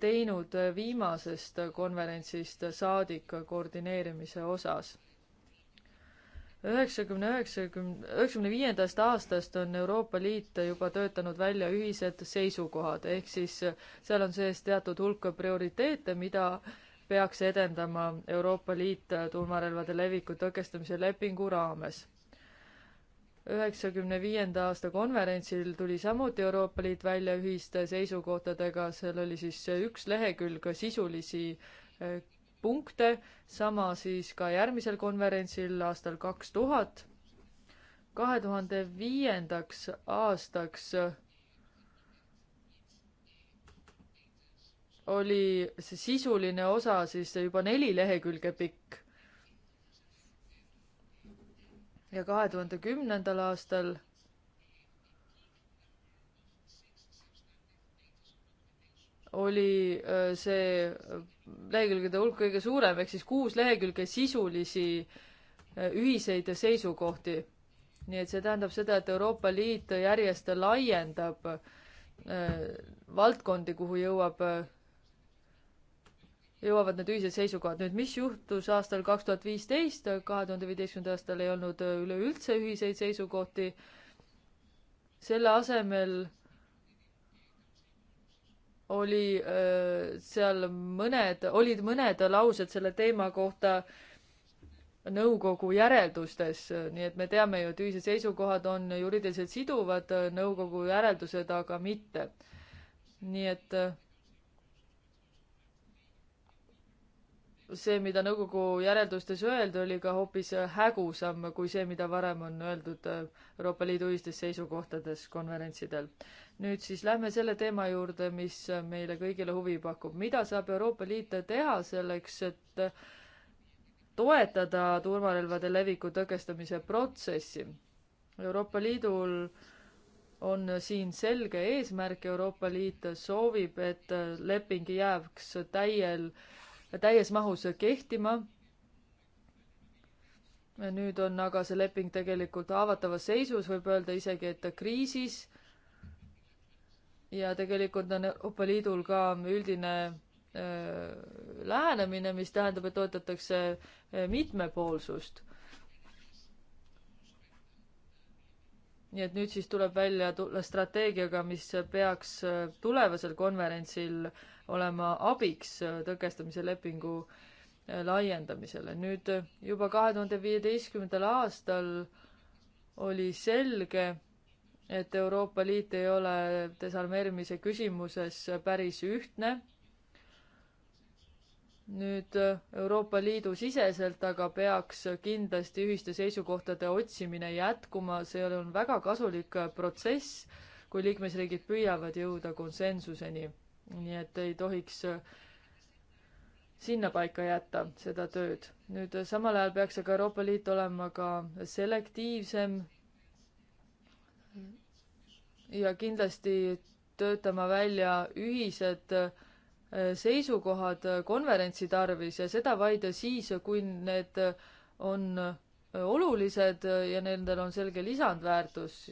teinud viimasest konverentsist saadik koordineerimise osas? üheksakümne üheksakümne, üheksakümne viiendast aastast on Euroopa Liit juba töötanud välja ühised seisukohad, ehk siis seal on sees teatud hulk prioriteete, mida peaks edendama Euroopa Liit tuumarelvade leviku tõkestamise lepingu raames. üheksakümne viienda aasta konverentsil tuli samuti Euroopa Liit välja ühiste seisukohtadega, seal oli siis üks lehekülg sisulisi punkte, sama siis ka järgmisel konverentsil aastal kaks tuhat. kahe tuhande viiendaks aastaks oli see sisuline osa siis juba neli lehekülge pikk. ja kahe tuhande kümnendal aastal oli äh, see äh, lehekülgede hulk kõige suurem, ehk siis kuus lehekülge sisulisi äh, ühiseid seisukohti. nii et see tähendab seda, et Euroopa Liit järjest laiendab valdkondi, kuhu jõuab, jõuavad need ühised seisukohad. nüüd, mis juhtus aastal kaks tuhat viisteist, kahe tuhande viieteistkümnendal aastal ei olnud üleüldse ühiseid seisukohti, selle asemel oli äh, seal mõned, olid mõned laused selle teema kohta nõukogu järeldustes, nii et me teame ju, et ühise seisukohad on juriidiliselt siduvad, nõukogu järeldused aga mitte. nii et äh, see, mida nõukogu järeldustes öeldi, oli ka hoopis äh, hägusam kui see, mida varem on öeldud äh, Euroopa Liidu ühistes seisukohtades konverentsidel. nüüd siis lähme selle teema juurde, mis äh, meile kõigile huvi pakub. mida saab Euroopa Liit teha selleks, et toetada turvarelvade leviku tõkestamise protsessi? Euroopa Liidul on siin selge eesmärk, Euroopa Liit soovib, et leping jääks täiel äh, täies mahus kehtima. nüüd on aga see leping tegelikult haavatavas seisus, võib öelda isegi, et kriisis. ja tegelikult on Euroopa Liidul ka üldine äh, lähenemine, mis tähendab, et toetatakse äh, mitmepoolsust nii et nüüd siis tuleb välja tulla strateegiaga, mis peaks äh, tulevasel konverentsil olema abiks äh, tõkestamise lepingu äh, laiendamisele. nüüd juba kahe tuhande viieteistkümnendal aastal oli selge, et Euroopa Liit ei ole desarmeerimise küsimuses päris ühtne nüüd äh, Euroopa Liidu siseselt aga peaks kindlasti ühiste seisukohtade otsimine jätkuma, see on väga kasulik äh, protsess, kui liikmesriigid püüavad jõuda konsensuseni. nii et ei tohiks äh, sinnapaika jätta seda tööd. nüüd samal ajal peaks aga Euroopa Liit olema ka selektiivsem ja kindlasti töötama välja ühised äh, seisukohad konverentsi tarvis ja seda vaid siis, kui need on olulised ja nendel on selge lisandväärtus.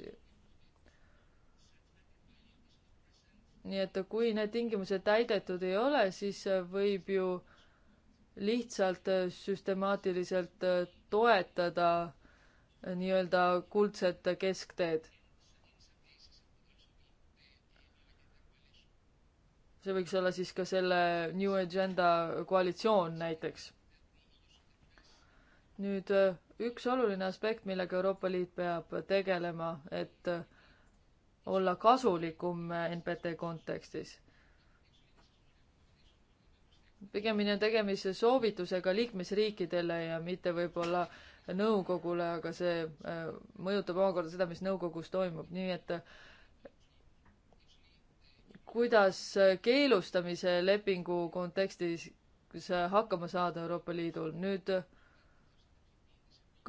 nii et kui need tingimused täidetud ei ole, siis võib ju lihtsalt süstemaatiliselt toetada nii-öelda kuldset keskteed. see võiks olla siis ka selle New Agenda koalitsioon näiteks. nüüd eh, üks oluline aspekt, millega Euroopa Liit peab tegelema, et eh, olla kasulikum NPT kontekstis. pigemini on tegemist soovitusega liikmesriikidele ja mitte võib-olla nõukogule, aga see eh, mõjutab omakorda seda, mis nõukogus toimub, nii et äh, kuidas keelustamise lepingu kontekstis hakkama saada Euroopa Liidul. nüüd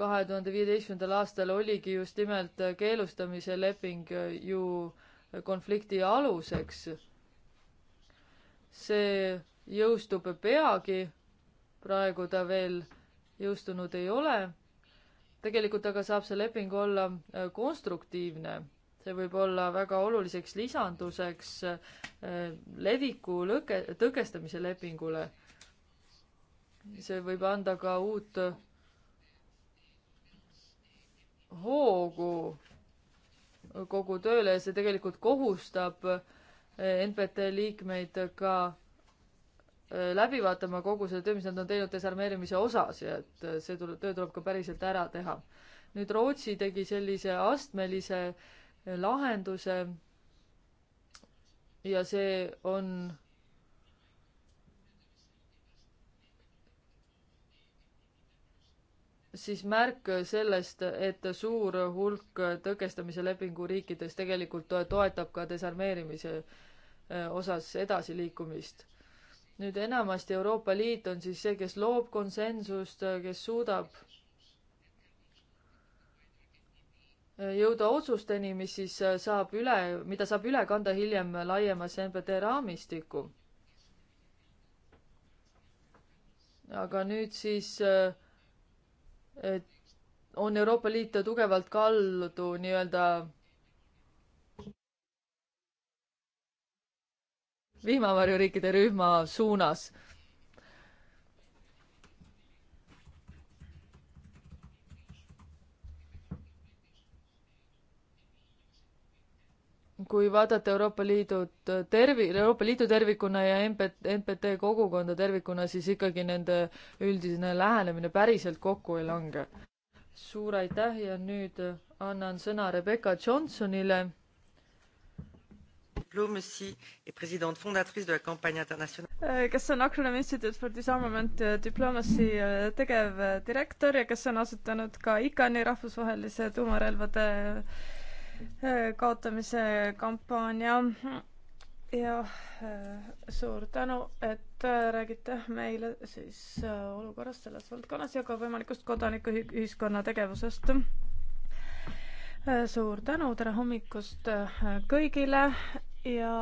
kahe tuhande viieteistkümnendal aastal oligi just nimelt keelustamise leping ju konflikti aluseks. see jõustub peagi, praegu ta veel jõustunud ei ole. tegelikult aga saab see leping olla konstruktiivne see võib olla väga oluliseks lisanduseks äh, leviku lõke, tõkestamise lepingule. see võib anda ka uut hoogu kogu tööle ja see tegelikult kohustab äh, NPT liikmeid ka äh, läbi vaatama kogu selle töö, mis nad on teinud desarmeerimise osas ja et see tuleb, töö tuleb ka päriselt ära teha. nüüd Rootsi tegi sellise astmelise äh, lahenduse ja see on siis märk sellest, et suur hulk tõkestamise lepingu riikides tegelikult toetab ka desarmeerimise äh, osas edasiliikumist. nüüd enamasti Euroopa Liit on siis see, kes loob konsensust, äh, kes suudab Äh, jõuda otsusteni, mis siis äh, saab üle, mida saab üle kanda hiljem laiemasse NPT raamistikku. aga nüüd siis äh, on Euroopa Liit tugevalt kaldu nii-öelda vihmavarjuriikide rühma suunas kui vaadata Euroopa Liidut tervi-, Euroopa Liidu tervikuna ja NPT, NPT kogukonda tervikuna, siis ikkagi nende üldine lähenemine päriselt kokku ei lange. suur aitäh ja nüüd annan sõna Rebecca Johnsonile. Äh, kes on Acronym Institute for Disarmament äh, Diplomacy äh, tegevdirektor ja kes on asutanud ka ICAN-i rahvusvahelise tuumarelvade Äh, kaotamise kampaania jah, äh, suur tänu, et äh, räägite meile siis olukorrast selles valdkonnas ja ka võimalikust kodanikuühiskonna tegevusest. suur tänu, tere hommikust kõigile ja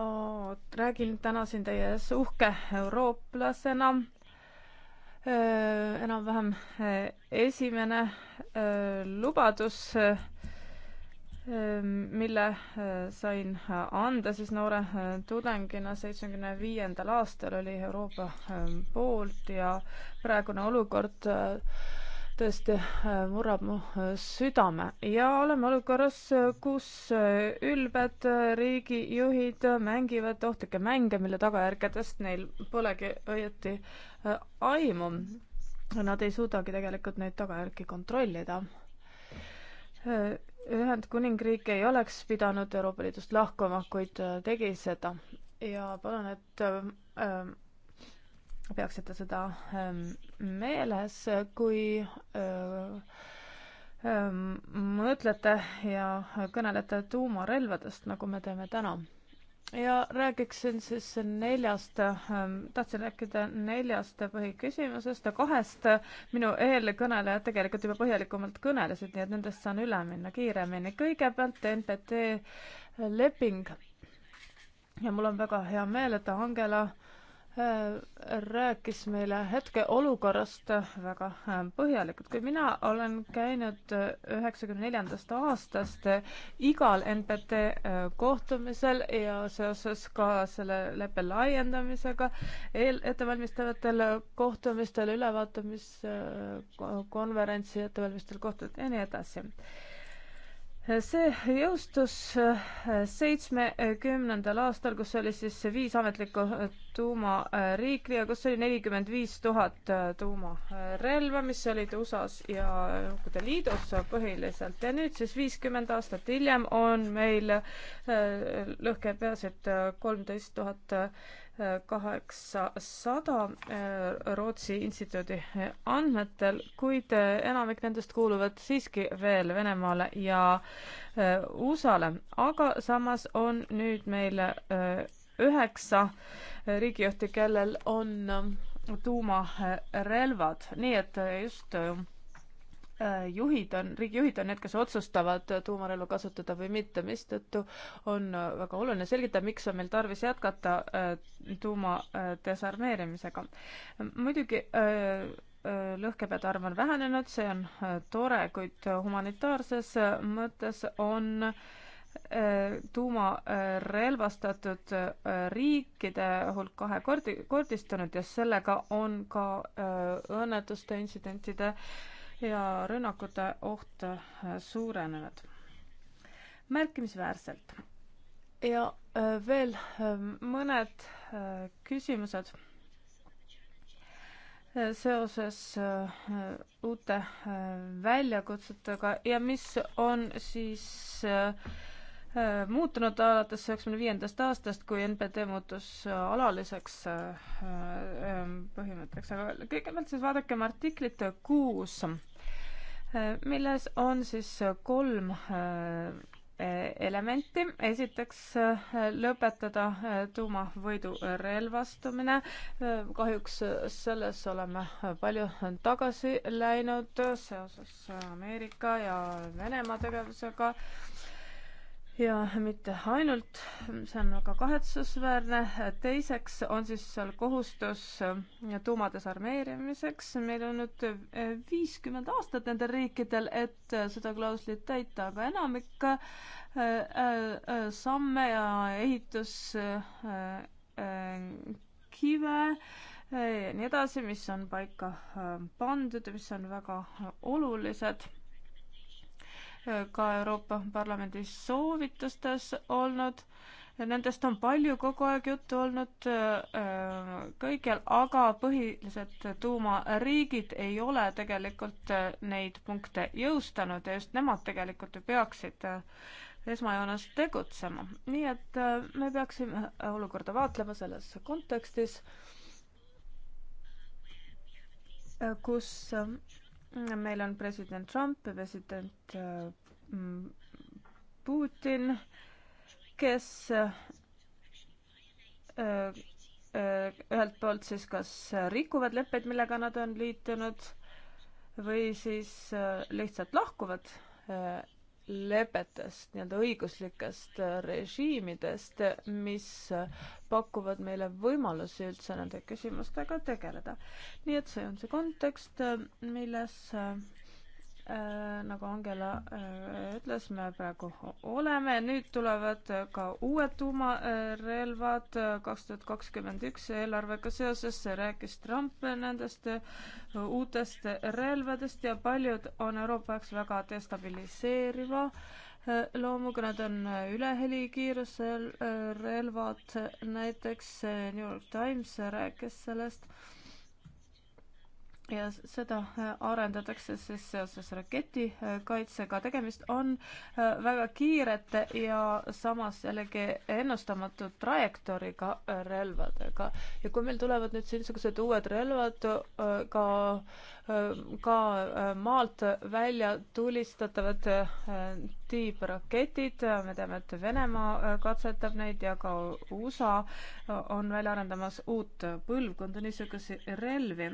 oh, räägin täna siin teie ees uhke eurooplasena. enam-vähem esimene lubadus Ehm, mille eh, sain eh, anda siis noore eh, tudengina seitsmekümne viiendal aastal oli Euroopa ehm, poolt ja praegune olukord tõesti murrab mu südame ja oleme olukorras, kus ülbed riigijuhid mängivad ohtlikke mänge, mille tagajärgedest neil polegi õieti aimu. Nad ei suudagi tegelikult neid tagajärgi kontrollida Ühendkuningriik ei oleks pidanud Euroopa Liidust lahkuma, kuid äh, tegi seda ja palun, et äh, äh peaksite seda äh, meeles, kui äh, äh, mõtlete ja kõnelete tuumarelvadest, nagu me teeme täna ja räägiksin siis neljast, ähm, tahtsin rääkida neljast põhiküsimusest ja kahest minu eelkõnelejad tegelikult juba põhjalikumalt kõnelesid, nii et nendest saan üle minna kiiremini. kõigepealt NPT leping. ja mul on väga hea meel, et Angela rääkis meile hetkeolukorrast väga äh, põhjalikult. kui mina olen käinud äh, üheksakümne neljandast aastast äh, igal NPT kohtumisel ja seoses ka selle leppe laiendamisega eel, ettevalmistavatel kohtumistel, ülevaatamiskonverentsi ettevalmistaval kohtumisel ja nii edasi see jõustus äh, seitsmekümnendal aastal, kus oli siis viis ametlikku äh, tuumariikli ja kus oli nelikümmend viis tuhat äh, tuumarelva, mis olid USA-s ja Nõukogude Liidus põhiliselt ja nüüd siis viiskümmend aastat hiljem on meil lõhkepeasid kolmteist tuhat kaheksasada äh, Rootsi instituudi andmetel, kuid äh, enamik nendest kuuluvad siiski veel Venemaale ja äh, USA-le, aga samas on nüüd meil üheksa riigijuhti, kellel on tuumarelvad, nii et just Äh, juhid on, riigijuhid on need, kes otsustavad äh, tuumarelva kasutada või mitte, mistõttu on äh, väga oluline selgitada, miks on meil tarvis jätkata tuuma desarmeerimisega. muidugi lõhkepeade arv on vähenenud, see on tore, kuid humanitaarses mõttes on tuumarelvastatud riikide hulk kahekordi-, kordistunud ja sellega on ka õnnetuste, intsidentide äh, ja rünnakute oht äh, suurenenud märkimisväärselt. ja äh, veel äh, mõned küsimused seoses uute väljakutsetega ja mis on siis muutunud alates üheksakümne viiendast aastast, kui NPT muutus alaliseks põhimõtteks, aga kõigepealt siis vaadakem artiklit kuus milles on siis kolm eh, elementi. esiteks eh, lõpetada eh, tuumavõidu relvastumine. kahjuks selles oleme palju tagasi läinud seoses Ameerika ja Venemaa tegevusega ja mitte ainult, see on väga kahetsusväärne. teiseks on siis seal kohustus tuuma desarmeerimiseks. meil on nüüd viiskümmend aastat nendel riikidel, et seda klauslit täita, aga enamik äh, äh, samme ja ehitus äh, äh kive äh, ja nii edasi, mis on paika äh, pandud ja mis on väga olulised ka Euroopa Parlamendi soovitustes olnud. Nendest on palju kogu aeg juttu olnud äh, kõigil, aga põhilised tuumariigid ei ole tegelikult äh, neid punkte jõustanud ja just nemad tegelikult ju peaksid äh, esmajoones tegutsema. nii et me peaksime olukorda vaatlema selles kontekstis, kus meil on president Trump ja president äh, mm, Putin, kes äh, äh, ühelt poolt siis kas rikuvad leppeid, millega nad on liitunud, või siis lihtsalt lahkuvad lepetest, nii-öelda õiguslikest äh, režiimidest, mis äh, pakuvad meile võimalusi üldse nende küsimustega tegeleda. nii et see on see kontekst, äh, milles Äh, nagu Angela äh, ütles, me praegu oleme, nüüd tulevad ka uued tuumarelvad äh, kaks tuhat kakskümmend üks eelarvega seoses, rääkis Trump nendest uutest relvadest ja paljud on Euroopa jaoks väga destabiliseeriva loomuga, nad on ülehelikiirusel relvad, näiteks New York Times rääkis sellest ja seda äh, arendatakse siis seoses raketikaitsega. tegemist on äh, väga kiirete ja samas jällegi ennustamatu trajektooriga äh, relvadega. ja kui meil tulevad nüüd niisugused uued relvad ka, ka maalt välja tulistatavad tiibraketid, me teame, et Venemaa katsetab neid ja ka USA on välja arendamas uut põlvkonda niisuguseid relvi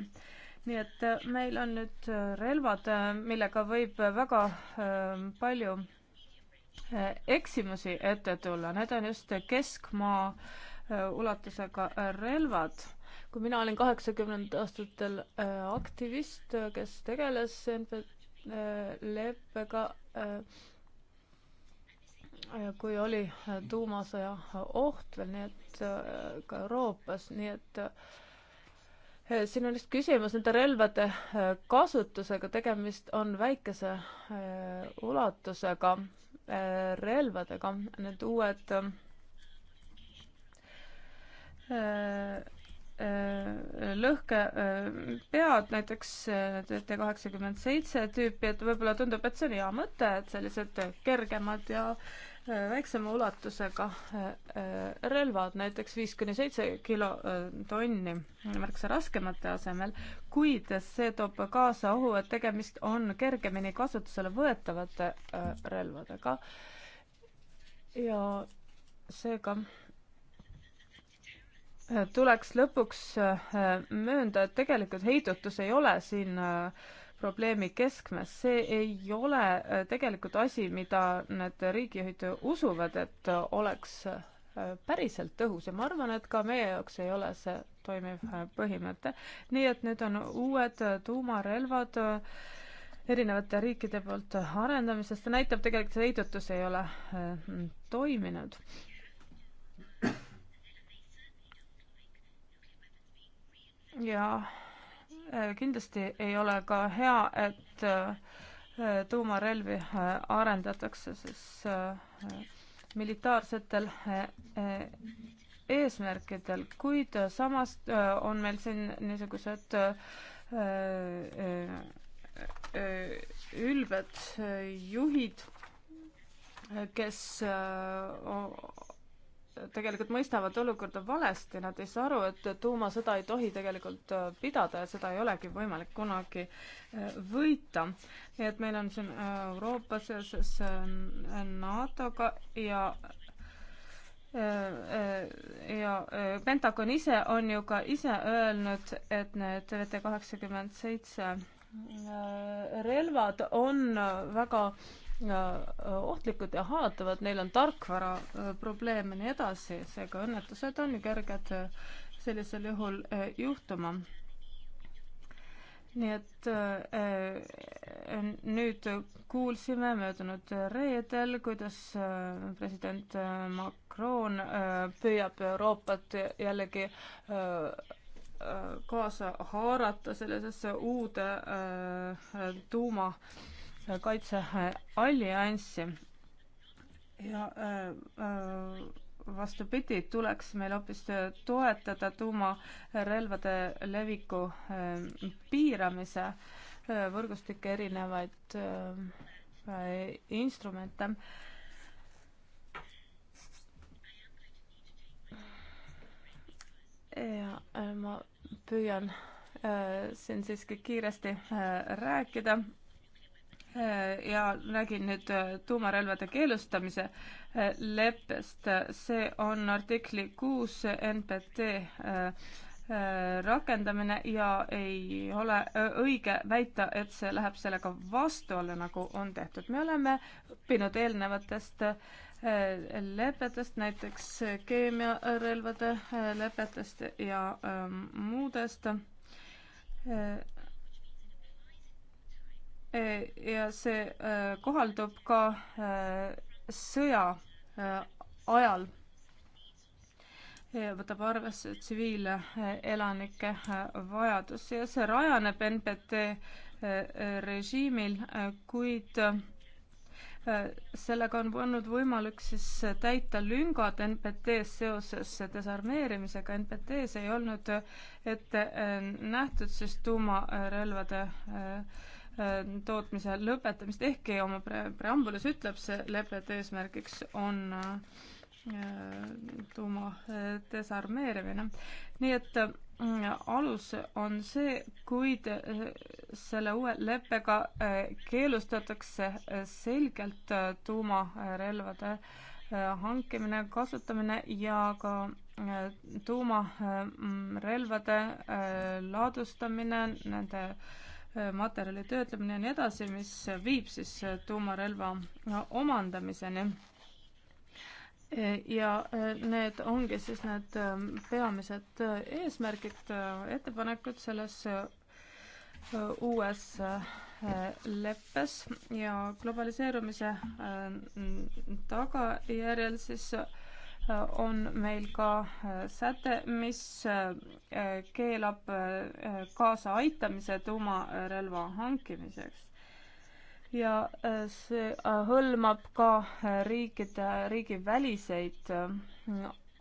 nii et äh, meil on nüüd äh, relvad, äh, millega võib väga ähm, palju eksimusi ette tulla, need on just keskmaa ulatusega relvad. kui mina olin kaheksakümnendatel aastatel aktivist, kes tegeles NPT-leppega, kui oli tuumasõja oht veel, nii et ka Euroopas, nii et äh, Äh, siin on vist küsimus nende relvade äh, kasutusega, tegemist on väikese äh, ulatusega relvadega, need uued lõhkepead, näiteks T kaheksakümmend seitse tüüpi, et võib-olla tundub, et see on hea mõte, et sellised kergemad ja äh, väiksema ulatusega äh, äh, relvad, näiteks viis kuni seitse kilotonni äh, märksa raskemate asemel, kuid see toob kaasa ohu, et tegemist on kergemini kasutusele võetavate relvadega. ja seega tuleks lõpuks möönda, et tegelikult heidutus ei ole siin äh, probleemi keskmes, see ei ole äh, tegelikult asi, mida need riigijuhid usuvad, et äh, oleks äh, päriselt tõhus ja ma arvan, et ka meie jaoks ei ole see toimiv põhimõte. nii et nüüd on uued tuumarelvad erinevate riikide poolt arendamisest, see näitab tegelikult, see heidutus ei ole toiminud. ja Äh, kindlasti ei ole ka hea, et äh, tuumarelvi äh, arendatakse siis militaarsetel eesmärkidel, kuid samas on meil siin niisugused ülbed juhid, kes tegelikult mõistavad olukorda valesti, nad ei saa aru, et tuumasõda ei tohi tegelikult äh, pidada ja seda ei olegi võimalik kunagi äh, võita. nii et meil on siin äh, Euroopa seoses NATO-ga ja ja Pentagon ise on ju ka ise öelnud, et need VT kaheksakümmend seitse relvad on väga äh, Äh, äh, ohtlikud ja haatavad, neil on tarkvaraprobleeme äh, ja nii edasi, seega õnnetused on kerged sellisel juhul juhtuma. nii et nüüd kuulsime möödunud reedel, kuidas president Macron püüab Euroopat jällegi kaasa haarata sellisesse uude tuuma äh, kaitseallianssi ja äh, äh, vastupidi, tuleks meil hoopis toetada tuumarelvade leviku äh, piiramise äh, võrgustike erinevaid äh, äh, instrumente. ja ma püüan siin siiski kiiresti rääkida Äh, ja räägin nüüd äh, tuumarelvade keelustamise äh, leppest. see on artikli kuus NPT rakendamine ja ei ole õige väita, et see läheb sellega vastuollu, nagu on tehtud. me oleme õppinud eelnevatest lepetest, näiteks keemiarelvade lepetest ja ähm, muudest Äh, ja see äh, kohaldub ka äh, sõja ajal. võtab arvesse tsiviilelanike vajadusi ja see rajaneb NPT režiimil, kuid sellega on olnud võimalik siis täita lüngad NPT-s seoses desarmeerimisega. NPT-s ei olnud ette nähtud siis tuumarelvade äh, tootmise lõpetamist, ehkki oma pre-, preambulis ütleb see lepe, et eesmärgiks on äh, tuuma äh, desarmeerimine. nii et mm, alus on see, kuid äh, selle uue leppega keelustatakse selgelt tuumarelvade hankimine, kasutamine ja ka tuumarelvade ladustamine, nende äh, materjali töötlemine ja nii edasi, mis viib siis tuumarelva omandamiseni. ja need ongi siis need peamised eesmärgid, ettepanekud selles uues leppes ja globaliseerumise tagajärjel siis on meil ka äh, säte, mis äh, keelab äh, kaasaaitamise tuumarelva hankimiseks. ja see hõlmab ka riikide, riigiväliseid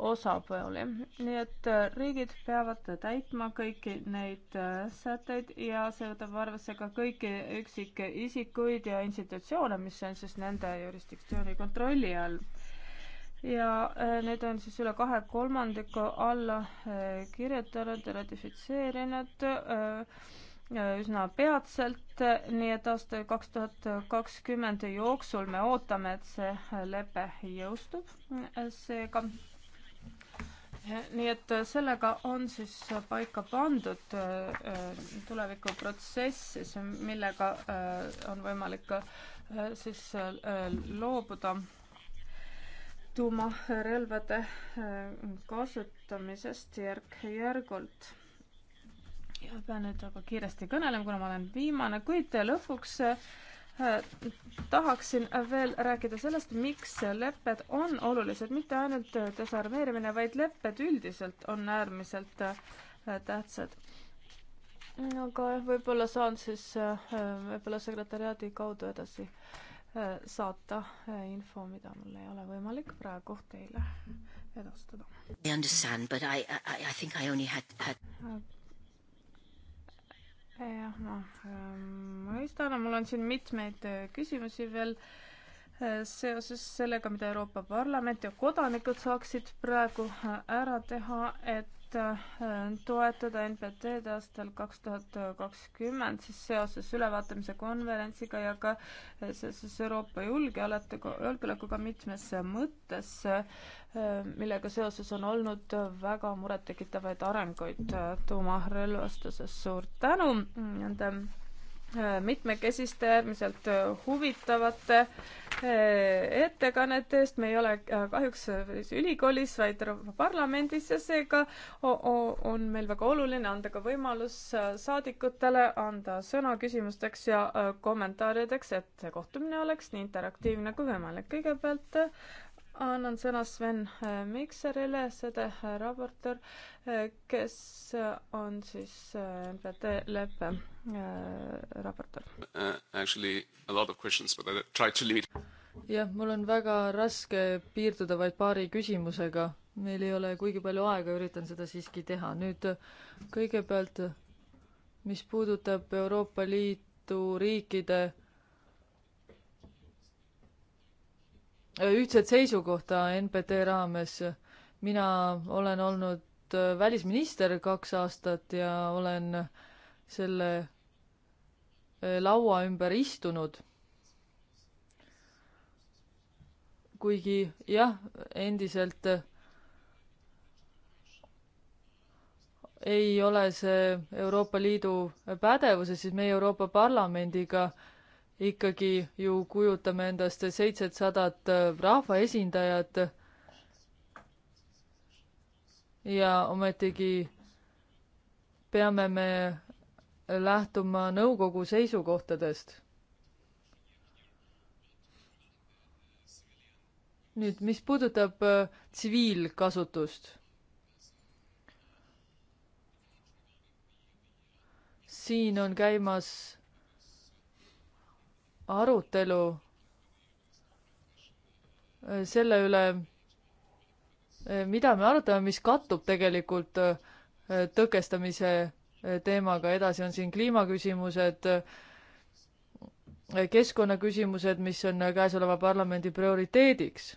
osapooli, nii et riigid peavad täitma kõiki neid sätteid ja see võtab arvesse ka kõiki üksikisikuid ja institutsioone, mis on siis nende jurisdiktsiooni kontrolli all ja äh, need on siis üle kahe kolmandiku alla äh, kirjutanud ja ratifitseerinud äh, üsna peatselt, nii et aasta kaks tuhat kakskümmend jooksul me ootame, et see lepe jõustub, seega nii et sellega on siis paika pandud tulevikuprotsess, millega on võimalik siis loobuda tuumarelvade äh, kasutamisest järk-järgult. ja pean nüüd väga kiiresti kõnelema, kuna ma olen viimane, kuid lõpuks äh, tahaksin veel rääkida sellest, miks lepped on olulised, mitte ainult desarmeerimine, vaid lepped üldiselt on äärmiselt äh, tähtsad. aga võib-olla saan siis võib-olla sekretäriaadi kaudu edasi äh, Äh, saata äh, info, mida mul ei ole võimalik praegu teile edastada. I understand, but I, I, I think I only had, had äh, jah, noh, mõistan, ähm, mul on siin mitmeid küsimusi veel seoses sellega, mida Euroopa Parlament ja kodanikud saaksid praegu ära teha, et Äh, toetada NPT-d aastal kaks tuhat kakskümmend siis seoses ülevaatamise konverentsiga ja ka äh, seoses Euroopa julgeolekuga, julgeolekuga mitmes mõttes, äh, millega seoses on olnud väga murettekitavaid arenguid tuumarelvastuses. suur tänu nende mitmekesiste, äärmiselt huvitavate eh, ettekannete eest. me ei ole eh, kahjuks ülikoolis, vaid parlamendis ja seega on meil väga oluline anda ka võimalus eh, saadikutele anda sõna küsimusteks ja kommentaarideks, et see kohtumine oleks nii interaktiivne kui võimalik. kõigepealt annan sõna Sven Mikserile, sede raportöör, kes on siis NPT leppe Äh, raportöör uh,. jah, mul on väga raske piirduda vaid paari küsimusega, meil ei ole kuigi palju aega, üritan seda siiski teha. nüüd kõigepealt, mis puudutab Euroopa Liidu riikide äh, ühtset seisukohta NPT raames, mina olen olnud äh, välisminister kaks aastat ja olen selle Äh, laua ümber istunud. kuigi jah, endiselt äh, ei ole see Euroopa Liidu pädevuses, siis meie Euroopa Parlamendiga ikkagi ju kujutame endast seitsetsadat äh, rahvaesindajat ja ometigi peame me lähtuma nõukogu seisukohtadest. nüüd, mis puudutab äh, tsiviilkasutust siin on käimas arutelu äh, selle üle, äh, mida me arutame, mis kattub tegelikult tõkestamise teemaga edasi, on siin kliimaküsimused, keskkonnaküsimused, mis on käesoleva parlamendi prioriteediks.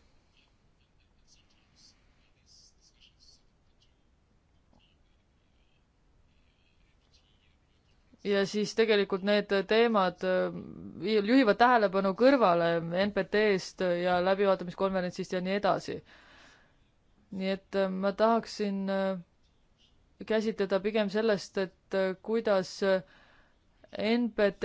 ja siis tegelikult need teemad juhivad tähelepanu kõrvale NPT-st ja läbivaatamiskonverentsist ja nii edasi. nii et ma tahaksin käsitleda pigem sellest, et äh, kuidas äh, NPT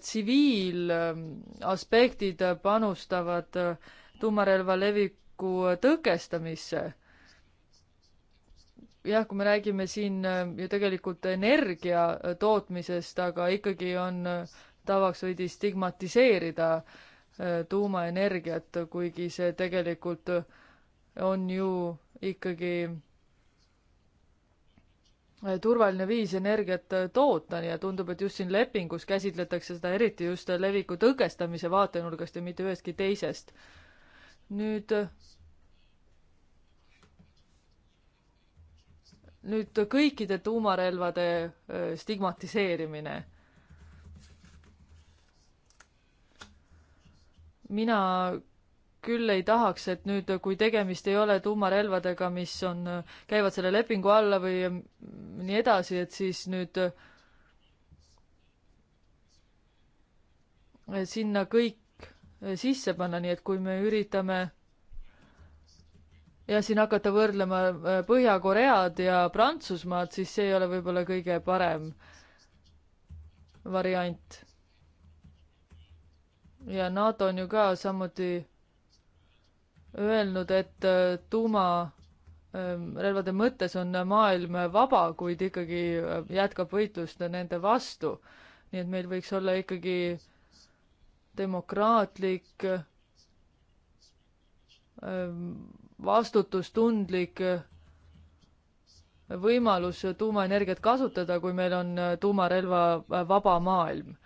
tsiviilaspektid panustavad äh, tuumarelva leviku tõkestamisse. jah, kui me räägime siin ju tegelikult energia tootmisest, aga ikkagi on tavaks veidi stigmatiseerida tuumaenergiat, kuigi see tegelikult on ju ikkagi Äh, turvaline viis energiat äh, toota ja tundub, et just siin lepingus käsitletakse seda eriti just äh, leviku tõkestamise vaatenurgast ja mitte ühestki teisest. nüüd nüüd kõikide tuumarelvade stigmatiseerimine. mina küll ei tahaks, et nüüd, kui tegemist ei ole tuumarelvadega, mis on, käivad selle lepingu alla või nii edasi, et siis nüüd sinna kõik sisse panna, nii et kui me üritame ja siin hakata võrdlema äh, Põhja-Koread ja Prantsusmaad, siis see ei ole võib-olla kõige parem variant. ja NATO on ju ka samuti öelnud, et äh, tuumarelvade ähm, mõttes on maailm vaba, kuid ikkagi äh, jätkab võitlust nende vastu. nii et meil võiks olla ikkagi demokraatlik, ähm, vastutustundlik äh, võimalus tuumaenergiat kasutada, kui meil on tuumarelva vaba maailm.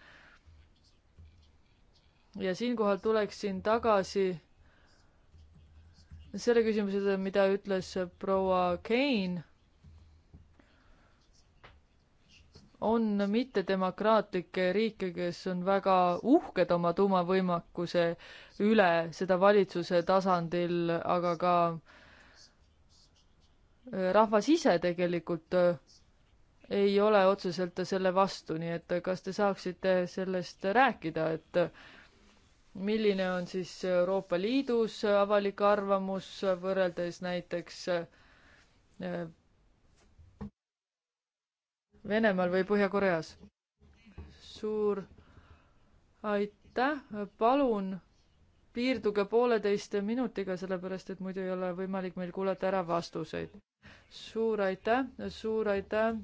ja siinkohal tuleksin tagasi selle küsimuse, mida ütles proua Kein, on mittedemokraatlikke riike, kes on väga uhked oma tuumavõimekuse üle, seda valitsuse tasandil, aga ka äh, rahvas ise tegelikult äh, ei ole otseselt selle vastu, nii et kas te saaksite sellest rääkida, et milline on siis Euroopa Liidus avalik arvamus võrreldes näiteks eh, Venemaal või Põhja-Koreas? suur aitäh, palun piirduge pooleteiste minutiga, sellepärast et muidu ei ole võimalik meil kuulata ära vastuseid. suur aitäh, suur aitäh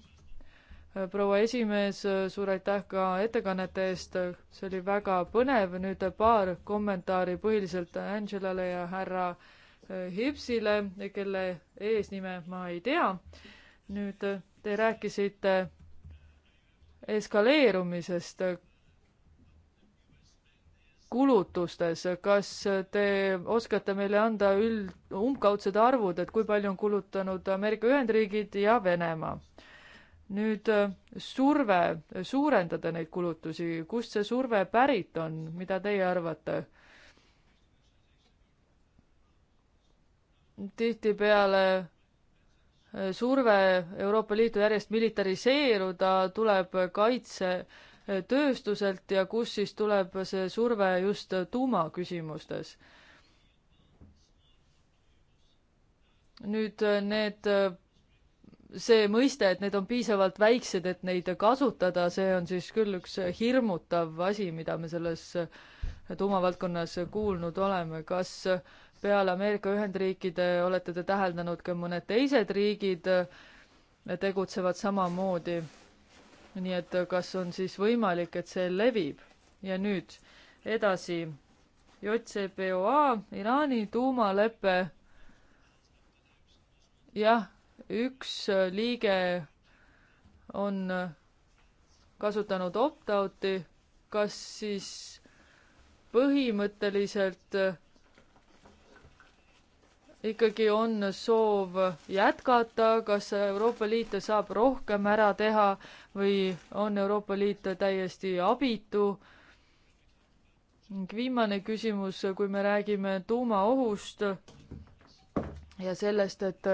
Äh, proua esimees, äh, suur aitäh ka ettekannete eest, see oli väga põnev, nüüd paar kommentaari põhiliselt Angelale ja härra äh, Hipsile, kelle eesnime ma ei tea. nüüd te rääkisite eskaleerumisest kulutustes, kas te oskate meile anda üld, umbkaudsed arvud, et kui palju on kulutanud Ameerika Ühendriigid ja Venemaa? nüüd äh, surve suurendada neid kulutusi, kust see surve pärit on, mida teie arvate? tihtipeale äh, surve Euroopa Liitu järjest militariseeruda tuleb kaitsetööstuselt ja kus siis tuleb see surve just tuumaküsimustes. nüüd äh, need see mõiste, et need on piisavalt väiksed, et neid kasutada, see on siis küll üks hirmutav asi, mida me selles tuumavaldkonnas kuulnud oleme. kas peale Ameerika Ühendriikide olete te täheldanud ka mõned teised riigid tegutsevad samamoodi? nii et kas on siis võimalik, et see levib? ja nüüd edasi. JCPOA, Iraani tuumalepe. jah üks liige on kasutanud opt-out'i, kas siis põhimõtteliselt ikkagi on soov jätkata, kas Euroopa Liit saab rohkem ära teha või on Euroopa Liit täiesti abitu? ning viimane küsimus, kui me räägime tuumaohust ja sellest, et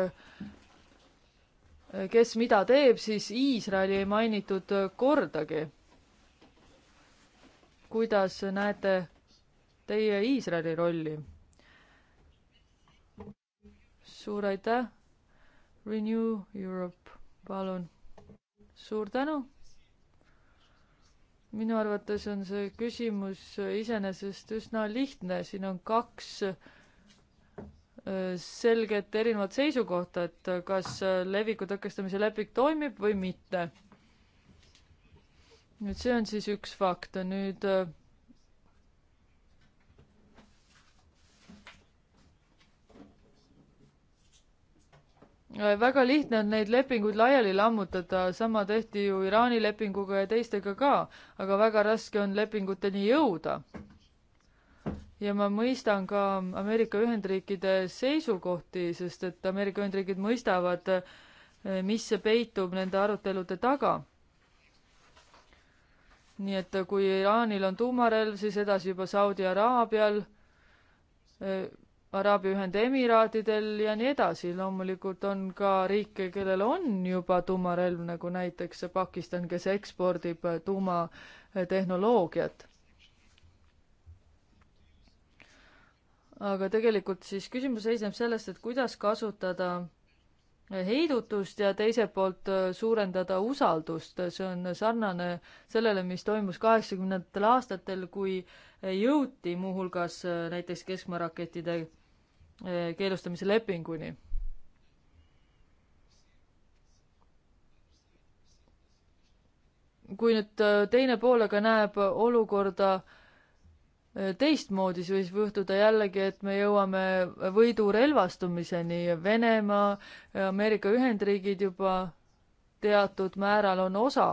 kes mida teeb, siis Iisraeli ei mainitud kordagi. kuidas näete teie Iisraeli rolli? suur aitäh. Renew Europe, palun. suur tänu. minu arvates on see küsimus iseenesest üsna lihtne, siin on kaks äh, selget erinevat seisukohta, et kas leviku tõkestamise leping toimib või mitte. nüüd see on siis üks fakt, nüüd äh, väga lihtne on neid lepinguid laiali lammutada, sama tehti ju Iraani lepinguga ja teistega ka, aga väga raske on lepinguteni jõuda ja ma mõistan ka Ameerika Ühendriikide seisukohti, sest et Ameerika Ühendriigid mõistavad, eh, mis peitub nende arutelude taga. nii et kui Iraanil on tuumarelv, siis edasi juba Saudi Araabial, eh, Araabia Ühendemiraatidel ja nii edasi. loomulikult on ka riike, kellel on juba tuumarelv, nagu näiteks Pakistan, kes ekspordib eh, tuumatehnoloogiat aga tegelikult siis küsimus seisneb selles, et kuidas kasutada heidutust ja teiselt poolt äh, suurendada usaldust, see on sarnane sellele, mis toimus kaheksakümnendatel aastatel, kui jõuti muuhulgas äh, näiteks keskmaarakettide äh, keelustamise lepinguni. kui nüüd teine pool aga näeb olukorda Äh, teistmoodi, siis võib juhtuda jällegi, et me jõuame võidurelvastumiseni, Venemaa, Ameerika Ühendriigid juba teatud määral on osa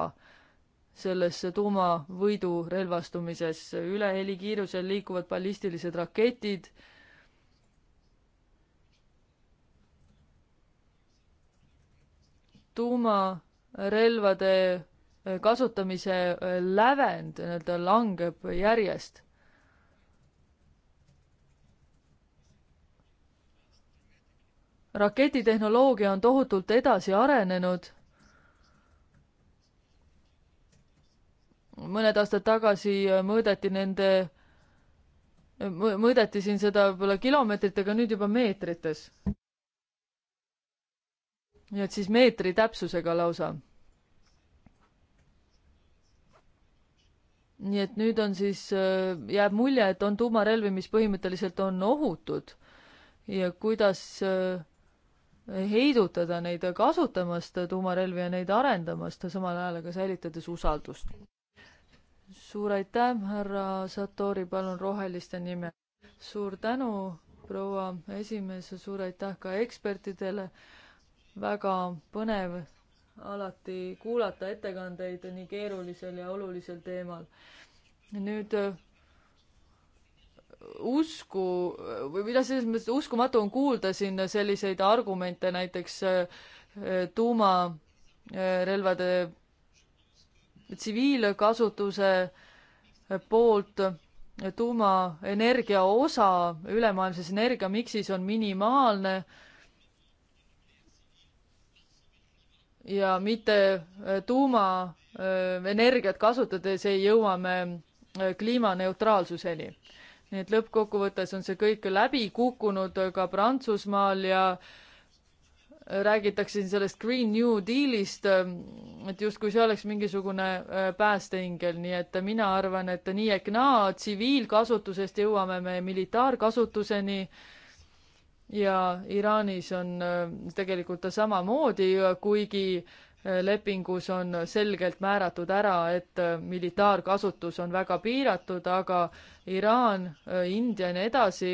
sellesse tuumavõidu relvastumisesse, üle helikiirusel liikuvad ballistilised raketid, tuumarelvade kasutamise lävend nii-öelda langeb järjest raketitehnoloogia on tohutult edasi arenenud. mõned aastad tagasi mõõdeti nende, mõõdeti siin seda võib-olla kilomeetritega, nüüd juba meetrites. nii et siis meetri täpsusega lausa. nii et nüüd on siis, jääb mulje, et on tuumarelvi, mis põhimõtteliselt on ohutud ja kuidas äh, heidutada neid kasutamast, tuumarelvi ja neid arendamast, samal ajal aga säilitades usaldust. suur aitäh, härra Satori, palun roheliste nime. suur tänu, proua esimees, suur aitäh ka ekspertidele. väga põnev alati kuulata ettekandeid nii keerulisel ja olulisel teemal. nüüd usku või mida selles mõttes uskumatu on kuulda siin selliseid argumente näiteks äh, tuumarelvade äh, tsiviilkasutuse poolt tuumaenergia osa ülemaailmses energiamiksis on minimaalne ja mitte äh, tuumaenergiat kasutades ei jõua me kliimaneutraalsuseni nii et lõppkokkuvõttes on see kõik läbi kukkunud ka Prantsusmaal ja räägitakse siin sellest Green New Dealist, et justkui see oleks mingisugune äh, päästeingel, nii et mina arvan, et nii ehk naa tsiviilkasutusest jõuame me militaarkasutuseni ja Iraanis on äh, tegelikult samamoodi, kuigi äh, lepingus on selgelt määratud ära, et äh, militaarkasutus on väga piiratud, aga Iraan, äh, India ja nii edasi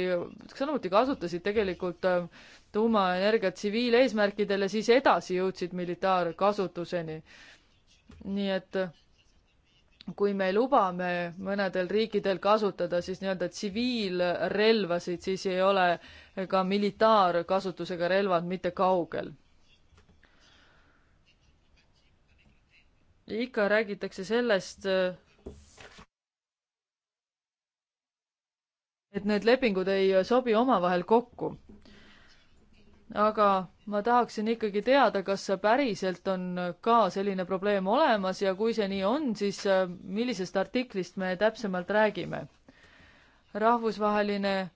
samuti kasutasid tegelikult äh, tuumaenergiat tsiviileesmärkidel ja siis edasi jõudsid militaarkasutuseni. nii et kui me lubame mõnedel riikidel kasutada siis nii-öelda tsiviilrelvasid, siis ei ole ka militaarkasutusega relvad mitte kaugel ikka räägitakse sellest, et need lepingud ei sobi omavahel kokku. aga ma tahaksin ikkagi teada, kas päriselt on ka selline probleem olemas ja kui see nii on, siis äh, millisest artiklist me täpsemalt räägime? rahvusvaheline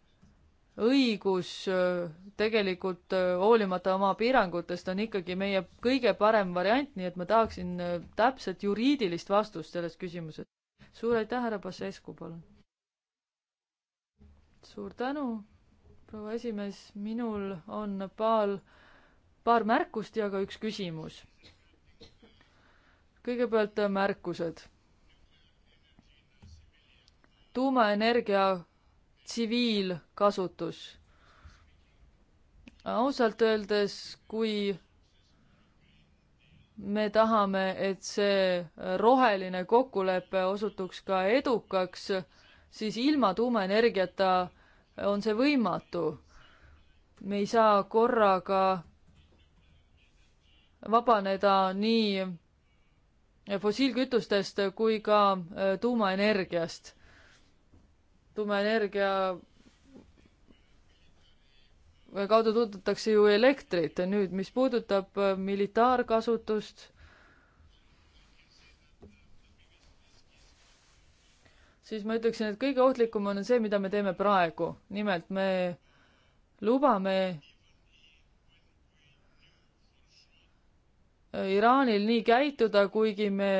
õigus äh, tegelikult äh, hoolimata oma piirangutest on ikkagi meie kõige parem variant, nii et ma tahaksin äh, täpset juriidilist vastust selles küsimuses. suur aitäh, härra Basescu, palun. suur tänu, proua esimees, minul on paar, paar märkust ja ka üks küsimus. kõigepealt märkused. tuumaenergia tsiviilkasutus. ausalt öeldes, kui me tahame, et see roheline kokkulepe osutuks ka edukaks, siis ilma tuumaenergiata on see võimatu. me ei saa korraga vabaneda nii fossiilkütustest kui ka tuumaenergiast tuumaenergia kaudu toodetakse ju elektrit. nüüd, mis puudutab äh, militaarkasutust, siis ma ütleksin, et kõige ohtlikum on see, mida me teeme praegu. nimelt me lubame Iraanil nii käituda, kuigi me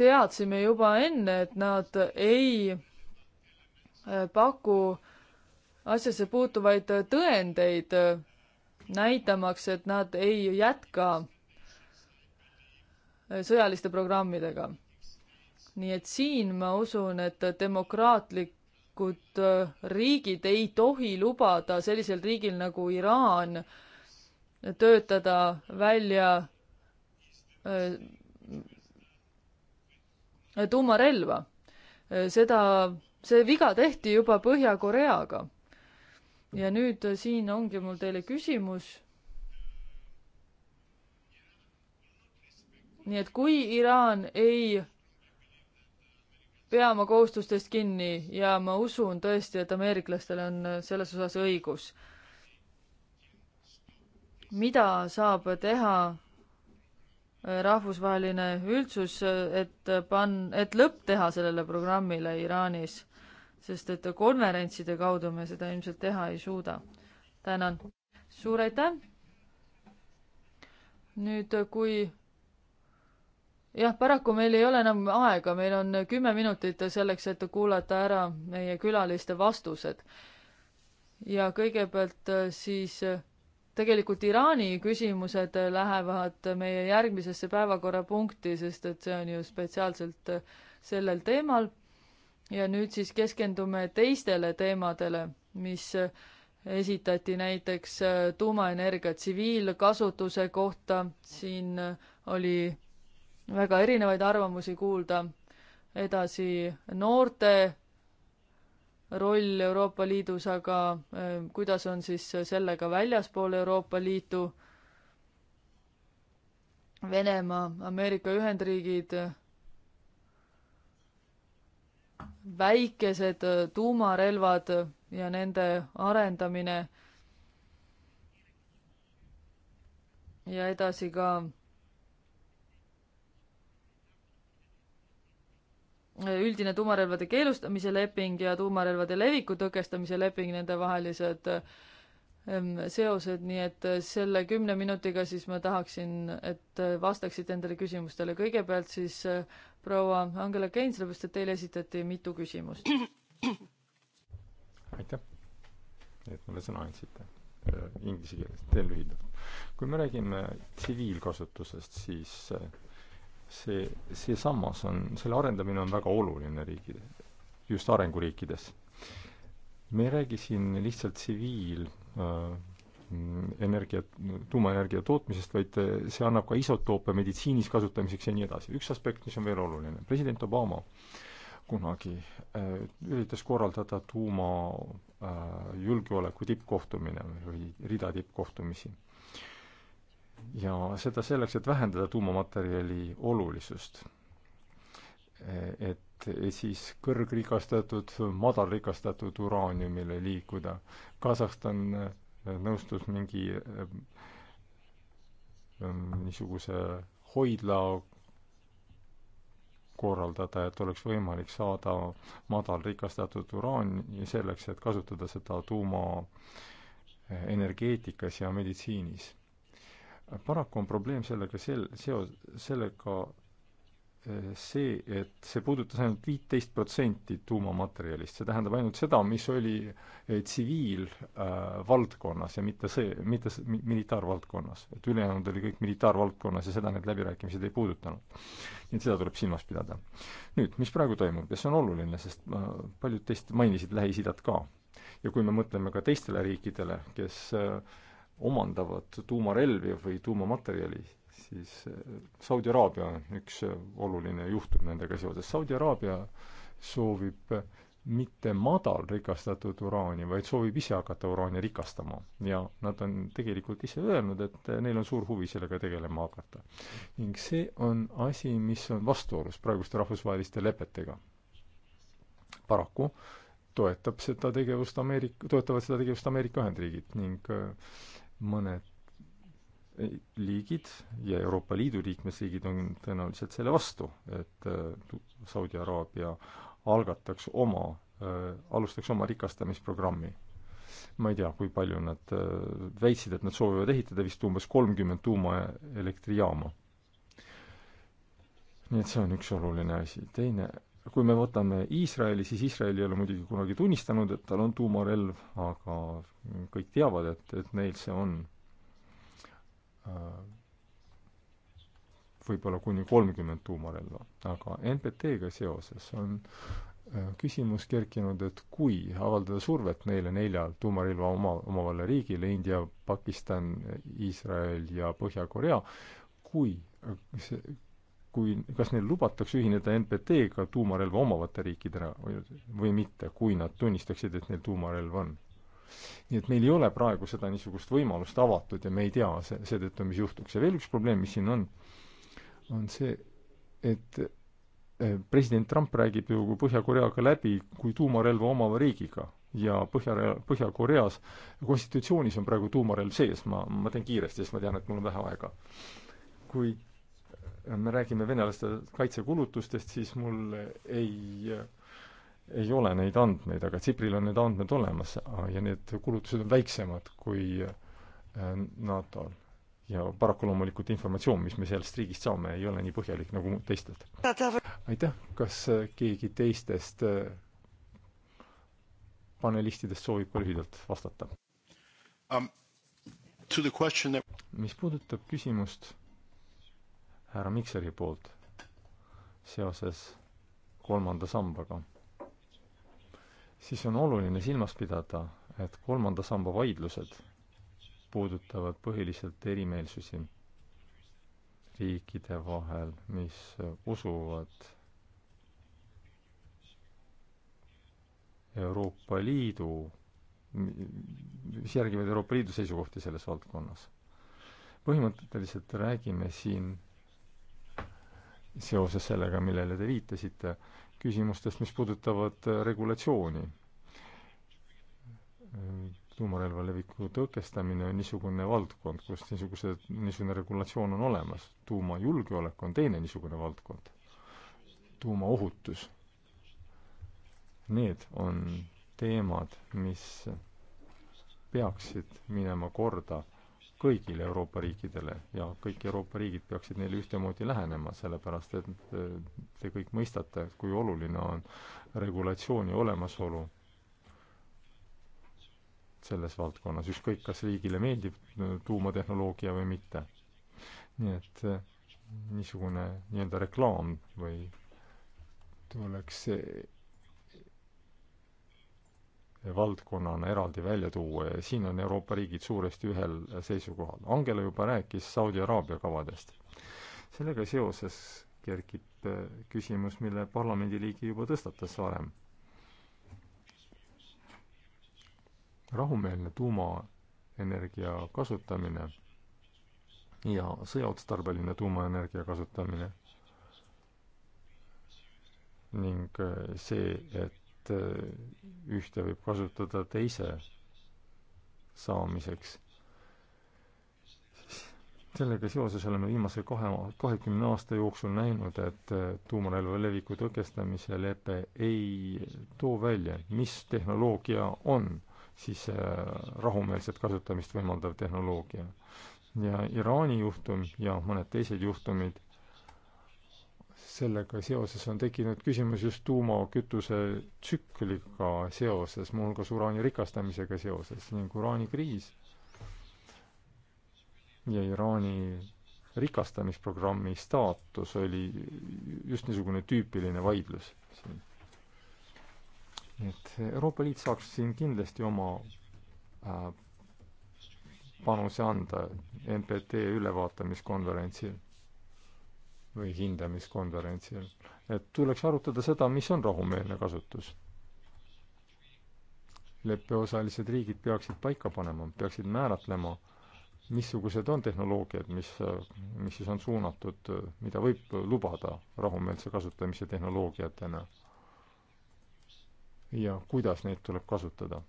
teadsime juba enne, et nad ei äh, paku asjasse puutuvaid äh, tõendeid, äh, näitamaks, et nad ei jätka sõjaliste programmidega. nii et siin ma usun, et demokraatlikud riigid ei tohi lubada sellisel riigil nagu Iraan töötada välja tuumarelva. seda, see viga tehti juba Põhja-Koreaga. ja nüüd siin ongi mul teile küsimus. nii et kui Iraan ei pea oma kohustustest kinni ja ma usun tõesti, et ameeriklastel on selles osas õigus. mida saab teha rahvusvaheline üldsus, et pan-, et lõpp teha sellele programmile Iraanis, sest et konverentside kaudu me seda ilmselt teha ei suuda. tänan. suur aitäh. nüüd, kui jah, paraku meil ei ole enam aega, meil on kümme minutit selleks, et kuulata ära meie külaliste vastused. ja kõigepealt äh, siis äh, tegelikult Iraani küsimused lähevad meie järgmisesse päevakorrapunkti, sest et see on ju spetsiaalselt sellel teemal. ja nüüd siis keskendume teistele teemadele, mis esitati näiteks tuumaenergia tsiviilkasutuse kohta, siin oli väga erinevaid arvamusi kuulda, edasi noorte roll Euroopa Liidus, aga äh, kuidas on siis sellega väljaspool Euroopa Liitu? Venemaa, Ameerika Ühendriigid, väikesed äh, tuumarelvad ja nende arendamine ja edasi ka üldine tuumarelvade keelustamise leping ja tuumarelvade leviku tõkestamise leping, nendevahelised ähm, seosed, nii et selle kümne minutiga siis ma tahaksin, et vastaksite endale küsimustele. kõigepealt siis äh, proua Angela Kein, sellepärast et teile esitati mitu küsimust. aitäh, et mulle sõna andsite äh, inglise keeles, teen lühidalt. kui me räägime tsiviilkasutusest, siis äh, see, see sammas on, selle arendamine on väga oluline riigid, just arenguriikides. me ei räägi siin lihtsalt tsiviil äh, energia, tuumaenergia tootmisest, vaid äh, see annab ka isotoope meditsiinis kasutamiseks ja nii edasi. üks aspekt, mis on veel oluline, president Obama kunagi äh, üritas korraldada tuumajulgeoleku äh, tippkohtumine, meil oli rida tippkohtumisi ja seda selleks, et vähendada tuumamaterjali olulisust. E, et e siis kõrgrikastatud, madalrikastatud uraaniumile liikuda. Kasahstan e, nõustus mingi niisuguse hoidla korraldada, et oleks võimalik saada madalrikastatud uraani selleks, et kasutada seda tuumaenergeetikas ja meditsiinis paraku on probleem sellega sel-, seos, sellega eh, see, et see puudutas ainult viiteist protsenti tuumamaterjalist, see tähendab ainult seda, mis oli eh, tsiviilvaldkonnas äh, ja mitte see, mitte militaarvaldkonnas. et ülejäänud oli kõik militaarvaldkonnas ja seda need läbirääkimised ei puudutanud. nii et seda tuleb silmas pidada. nüüd, mis praegu toimub ja see on oluline, sest äh, paljud teist mainisid Lähis-Idat ka. ja kui me mõtleme ka teistele riikidele, kes äh, omandavad tuumarelvi või tuumamaterjali, siis eh, Saudi Araabia on üks eh, oluline juhtum nendega seoses. Saudi Araabia soovib eh, mitte madalrikastatud uraani, vaid soovib ise hakata uraani rikastama. ja nad on tegelikult ise öelnud, et neil on suur huvi sellega tegelema hakata. ning see on asi, mis on vastuolus praeguste rahvusvaheliste lepetega. paraku toetab seda tegevust Ameerika, toetavad seda tegevust Ameerika Ühendriigid ning mõned liigid ja Euroopa Liidu liikmesriigid on tõenäoliselt selle vastu, et äh, Saudi Araabia algataks oma, äh, alustaks oma rikastamisprogrammi. ma ei tea, kui palju nad äh, väitsid, et nad soovivad ehitada vist umbes kolmkümmend tuumaelektrijaama. nii et see on üks oluline asi. teine kui me võtame Iisraeli, siis Iisrael ei ole muidugi kunagi tunnistanud, et tal on tuumarelv, aga kõik teavad, et, et neil see on äh, võib-olla kuni kolmkümmend tuumarelva. aga NPT-ga seoses on äh, küsimus kerkinud, et kui avaldada survet neile neljal tuumarelva oma, omavale riigile, India, Pakistan, Iisrael ja Põhja-Korea, kui äh, see, kui, kas neil lubatakse ühineda NPT-ga tuumarelva omavate riikidena või, või mitte, kui nad tunnistaksid, et neil tuumarelv on. nii et meil ei ole praegu seda niisugust võimalust avatud ja me ei tea se-, seetõttu, mis juhtuks. ja veel üks probleem, mis siin on, on see, et eh, president Trump räägib ju Põhja-Koreaga läbi kui tuumarelva omava riigiga ja Põhja, Põhja-Koreas konstitutsioonis on praegu tuumarelv sees, ma, ma teen kiiresti, sest ma tean, et mul on vähe aega. kui me räägime venelaste kaitsekulutustest, siis mul ei, ei ole neid andmeid, aga Tsipril on need andmed olemas ah, ja need kulutused on väiksemad kui äh, NATO-l ja paraku loomulikult informatsioon, mis me sellest riigist saame, ei ole nii põhjalik nagu teistelt. aitäh, kas äh, keegi teistest äh, panelistidest soovib ka lühidalt vastata um,? That... mis puudutab küsimust härra Mikseri poolt seoses kolmanda sambaga, siis on oluline silmas pidada, et kolmanda samba vaidlused puudutavad põhiliselt erimeelsusi riikide vahel, mis usuvad Euroopa Liidu, mis järgivad Euroopa Liidu seisukohti selles valdkonnas. põhimõtteliselt räägime siin seoses sellega, millele te viitasite, küsimustest, mis puudutavad äh, regulatsiooni. tuumarelva leviku tõkestamine on niisugune valdkond, kus niisuguse, niisugune regulatsioon on olemas. tuumajulgeolek on teine niisugune valdkond. tuumaohutus. Need on teemad, mis peaksid minema korda äh, kõigile Euroopa riikidele ja kõik Euroopa riigid peaksid neile ühtemoodi lähenema, sellepärast et äh, te kõik mõistate, kui oluline on regulatsiooni olemasolu selles valdkonnas, ükskõik, kas riigile meeldib äh, tuumatehnoloogia või mitte. nii et äh, niisugune nii-öelda reklaam või tuleks valdkonnana eraldi välja tuua ja siin on Euroopa riigid suuresti ühel seisukohal. Angela juba rääkis Saudi Araabia kavadest. sellega seoses kerkib äh, küsimus, mille parlamendiliige juba tõstatas varem. rahumeelne tuumaenergia kasutamine ja sõjaotstarbeline tuumaenergia kasutamine ning äh, see, et et äh, ühte võib kasutada teise saamiseks. sellega seoses oleme viimase kahe, kahekümne aasta jooksul näinud, et äh, tuumarelva leviku tõkestamise lepe ei too välja, mis tehnoloogia on siis äh, rahumeelset kasutamist võimaldav tehnoloogia. ja Iraani juhtum ja mõned teised juhtumid sellega seoses on tekkinud küsimus just tuumakütuse tsükliga seoses, muuhulgas uraani rikastamisega seoses ning uraanikriis ja Iraani rikastamisprogrammi staatus oli just niisugune tüüpiline vaidlus siin. nii et Euroopa Liit saaks siin kindlasti oma äh, panuse anda NPT ülevaatamiskonverentsil või hindamiskonverentsil. et tuleks arutada seda, mis on rahumeelne kasutus. leppeosalised riigid peaksid paika panema, peaksid määratlema, missugused on tehnoloogiad, mis, mis siis on suunatud, mida võib lubada rahumeelse kasutamise tehnoloogiatena. ja kuidas neid tuleb kasutada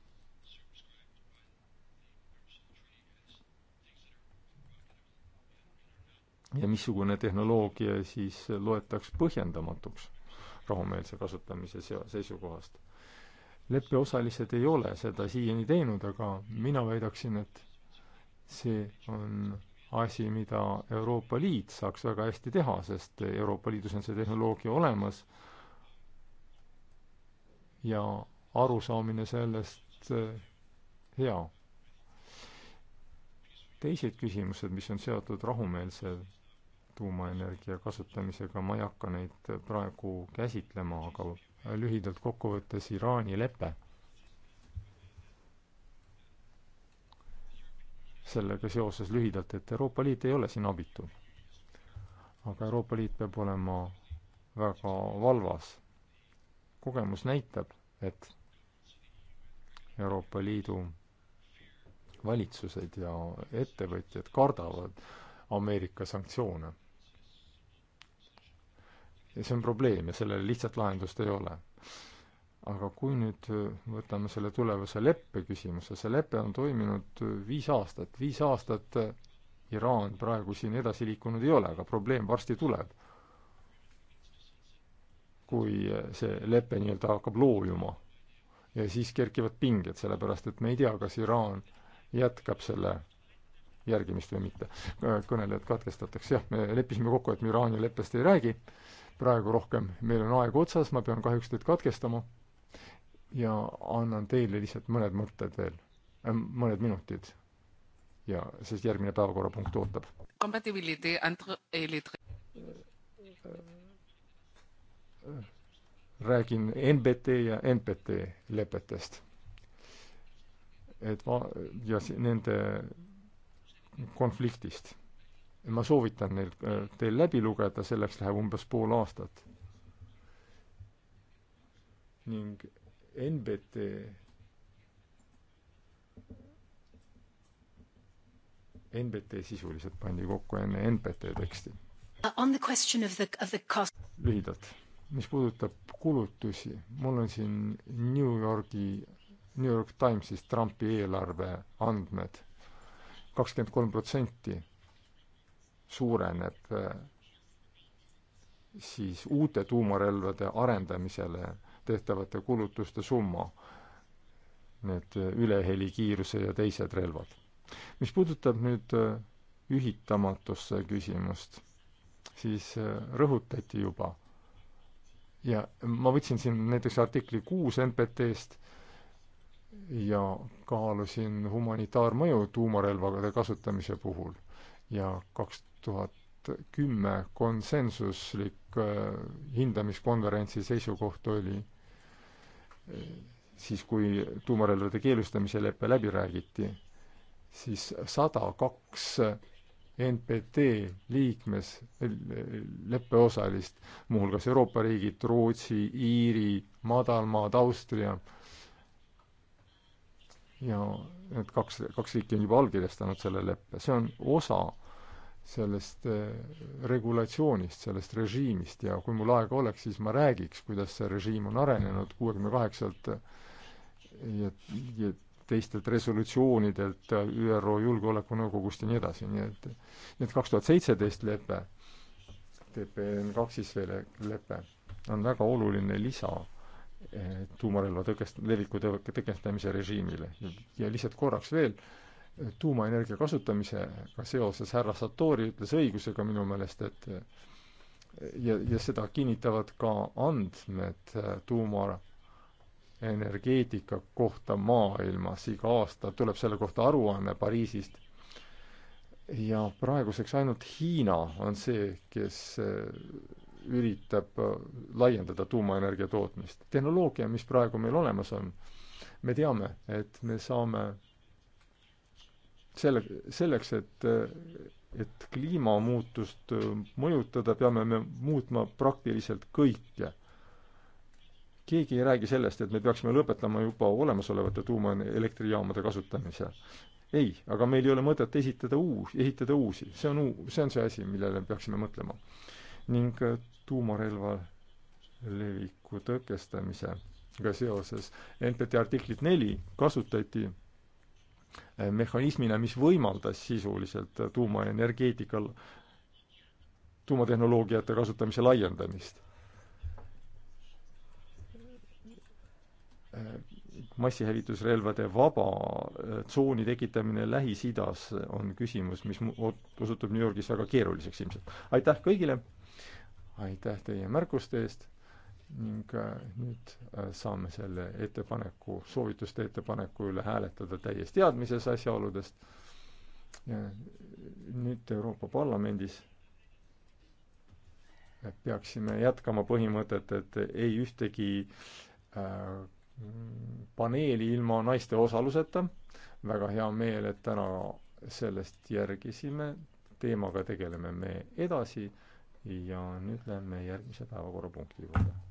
ja missugune tehnoloogia siis loetaks põhjendamatuks rahumeelse kasutamise sea-, seisukohast. leppeosalised ei ole seda siiani teinud, aga mina väidaksin, et see on asi, mida Euroopa Liit saaks väga hästi teha, sest Euroopa Liidus on see tehnoloogia olemas ja arusaamine sellest eh, hea. teised küsimused, mis on seotud rahumeelse tuumaenergia kasutamisega, ma ei hakka neid praegu käsitlema, aga lühidalt kokkuvõttes Iraani lepe. sellega seoses lühidalt, et Euroopa Liit ei ole siin abitu. aga Euroopa Liit peab olema väga valvas. kogemus näitab, et Euroopa Liidu valitsused ja ettevõtjad kardavad Ameerika sanktsioone ja see on probleem ja sellele lihtsat lahendust ei ole. aga kui nüüd võtame selle tulevase leppe küsimuse, see lepe on toiminud viis aastat, viis aastat Iraan praegu siin edasi liikunud ei ole, aga probleem varsti tuleb. kui see lepe nii-öelda hakkab loojuma ja siis kerkivad pinged, sellepärast et me ei tea, kas Iraan jätkab selle järgimist või mitte. kõnelejad katkestatakse, jah, me leppisime kokku, et me Iraani leppest ei räägi praegu rohkem, meil on aeg otsas, ma pean kahjuks teid katkestama ja annan teile lihtsalt mõned mõtted veel äh,, mõned minutid. ja siis järgmine päevakorrapunkt ootab. räägin NBT ja NPT lepetest. et va-, ja nende konfliktist ma soovitan neil, äh, teil läbi lugeda, selleks läheb umbes pool aastat. ning NBT NBT sisuliselt pandi kokku enne NBT teksti. Uh, lühidalt, mis puudutab kulutusi, mul on siin New Yorgi, New York Timesis Trumpi eelarve andmed, kakskümmend kolm protsenti suureneb äh, siis uute tuumarelvade arendamisele tehtavate kulutuste summa, need äh, ülehelikiiruse ja teised relvad. mis puudutab nüüd äh, ühitamatusse küsimust, siis rõhutati juba ja ma võtsin siin näiteks artikli kuus NPT-st ja kaalusin humanitaarmõju tuumarelvade kasutamise puhul ja kaks tuhat kümme konsensuslik äh, hindamiskonverentsi seisukoht oli äh, siis, kui tuumarelvade keelustamise lepe läbi räägiti, siis sada kaks äh, NPT liikmes, leppeosalist, muuhulgas Euroopa riigid, Rootsi, Iiri, Madalmaad, Austria, ja need kaks, kaks riiki on juba allkirjastanud selle leppe, see on osa sellest äh, regulatsioonist, sellest režiimist ja kui mul aega oleks, siis ma räägiks, kuidas see režiim on arenenud kuuekümne kaheksalt äh, ja, ja teistelt resolutsioonidelt äh, ÜRO Julgeolekunõukogust ja nii edasi, nii et nii et kaks tuhat seitseteist lepe, TPN kaks siis veel lepe, on väga oluline lisa tuumarelva tõkest-, leviku tõkestamise režiimile. ja lihtsalt korraks veel äh,, tuumaenergia kasutamisega seoses härra Satori ütles õigusega minu meelest, et ja, ja seda kinnitavad ka andmed tuumaenergeetika kohta maailmas, iga aasta tuleb selle kohta aruanne Pariisist. ja praeguseks ainult Hiina on see, kes äh, üritab äh, laiendada tuumaenergia tootmist. tehnoloogia, mis praegu meil olemas on, me teame, et me saame selle, selleks, et, et kliimamuutust äh, mõjutada, peame me muutma praktiliselt kõike. keegi ei räägi sellest, et me peaksime lõpetama juba olemasolevate tuumaelektrijaamade kasutamise. ei, aga meil ei ole mõtet esitada uus, ehitada uusi, see on uu-, see on see asi, millele me peaksime mõtlema. ning äh, tuumarelva leviku tõkestamisega seoses NPT artiklit neli kasutati mehhanismina, mis võimaldas sisuliselt tuumaenergeetikal tuumatehnoloogiate kasutamise laiendamist. massihävitusrelvade vaba äh, tsooni tekitamine Lähis-Idas on küsimus, mis osutub New Yorgis väga keeruliseks ilmselt. aitäh kõigile, aitäh teie märkuste eest ning äh, nüüd äh, saame selle ettepaneku, soovituste ettepaneku üle hääletada täies teadmises asjaoludest. nüüd Euroopa Parlamendis äh, peaksime jätkama põhimõtet, et ei ühtegi paneeli ilma naiste osaluseta. väga hea meel, et täna sellest järgisime, teemaga tegeleme me edasi ja nüüd lähme järgmise päevakorrapunkti juurde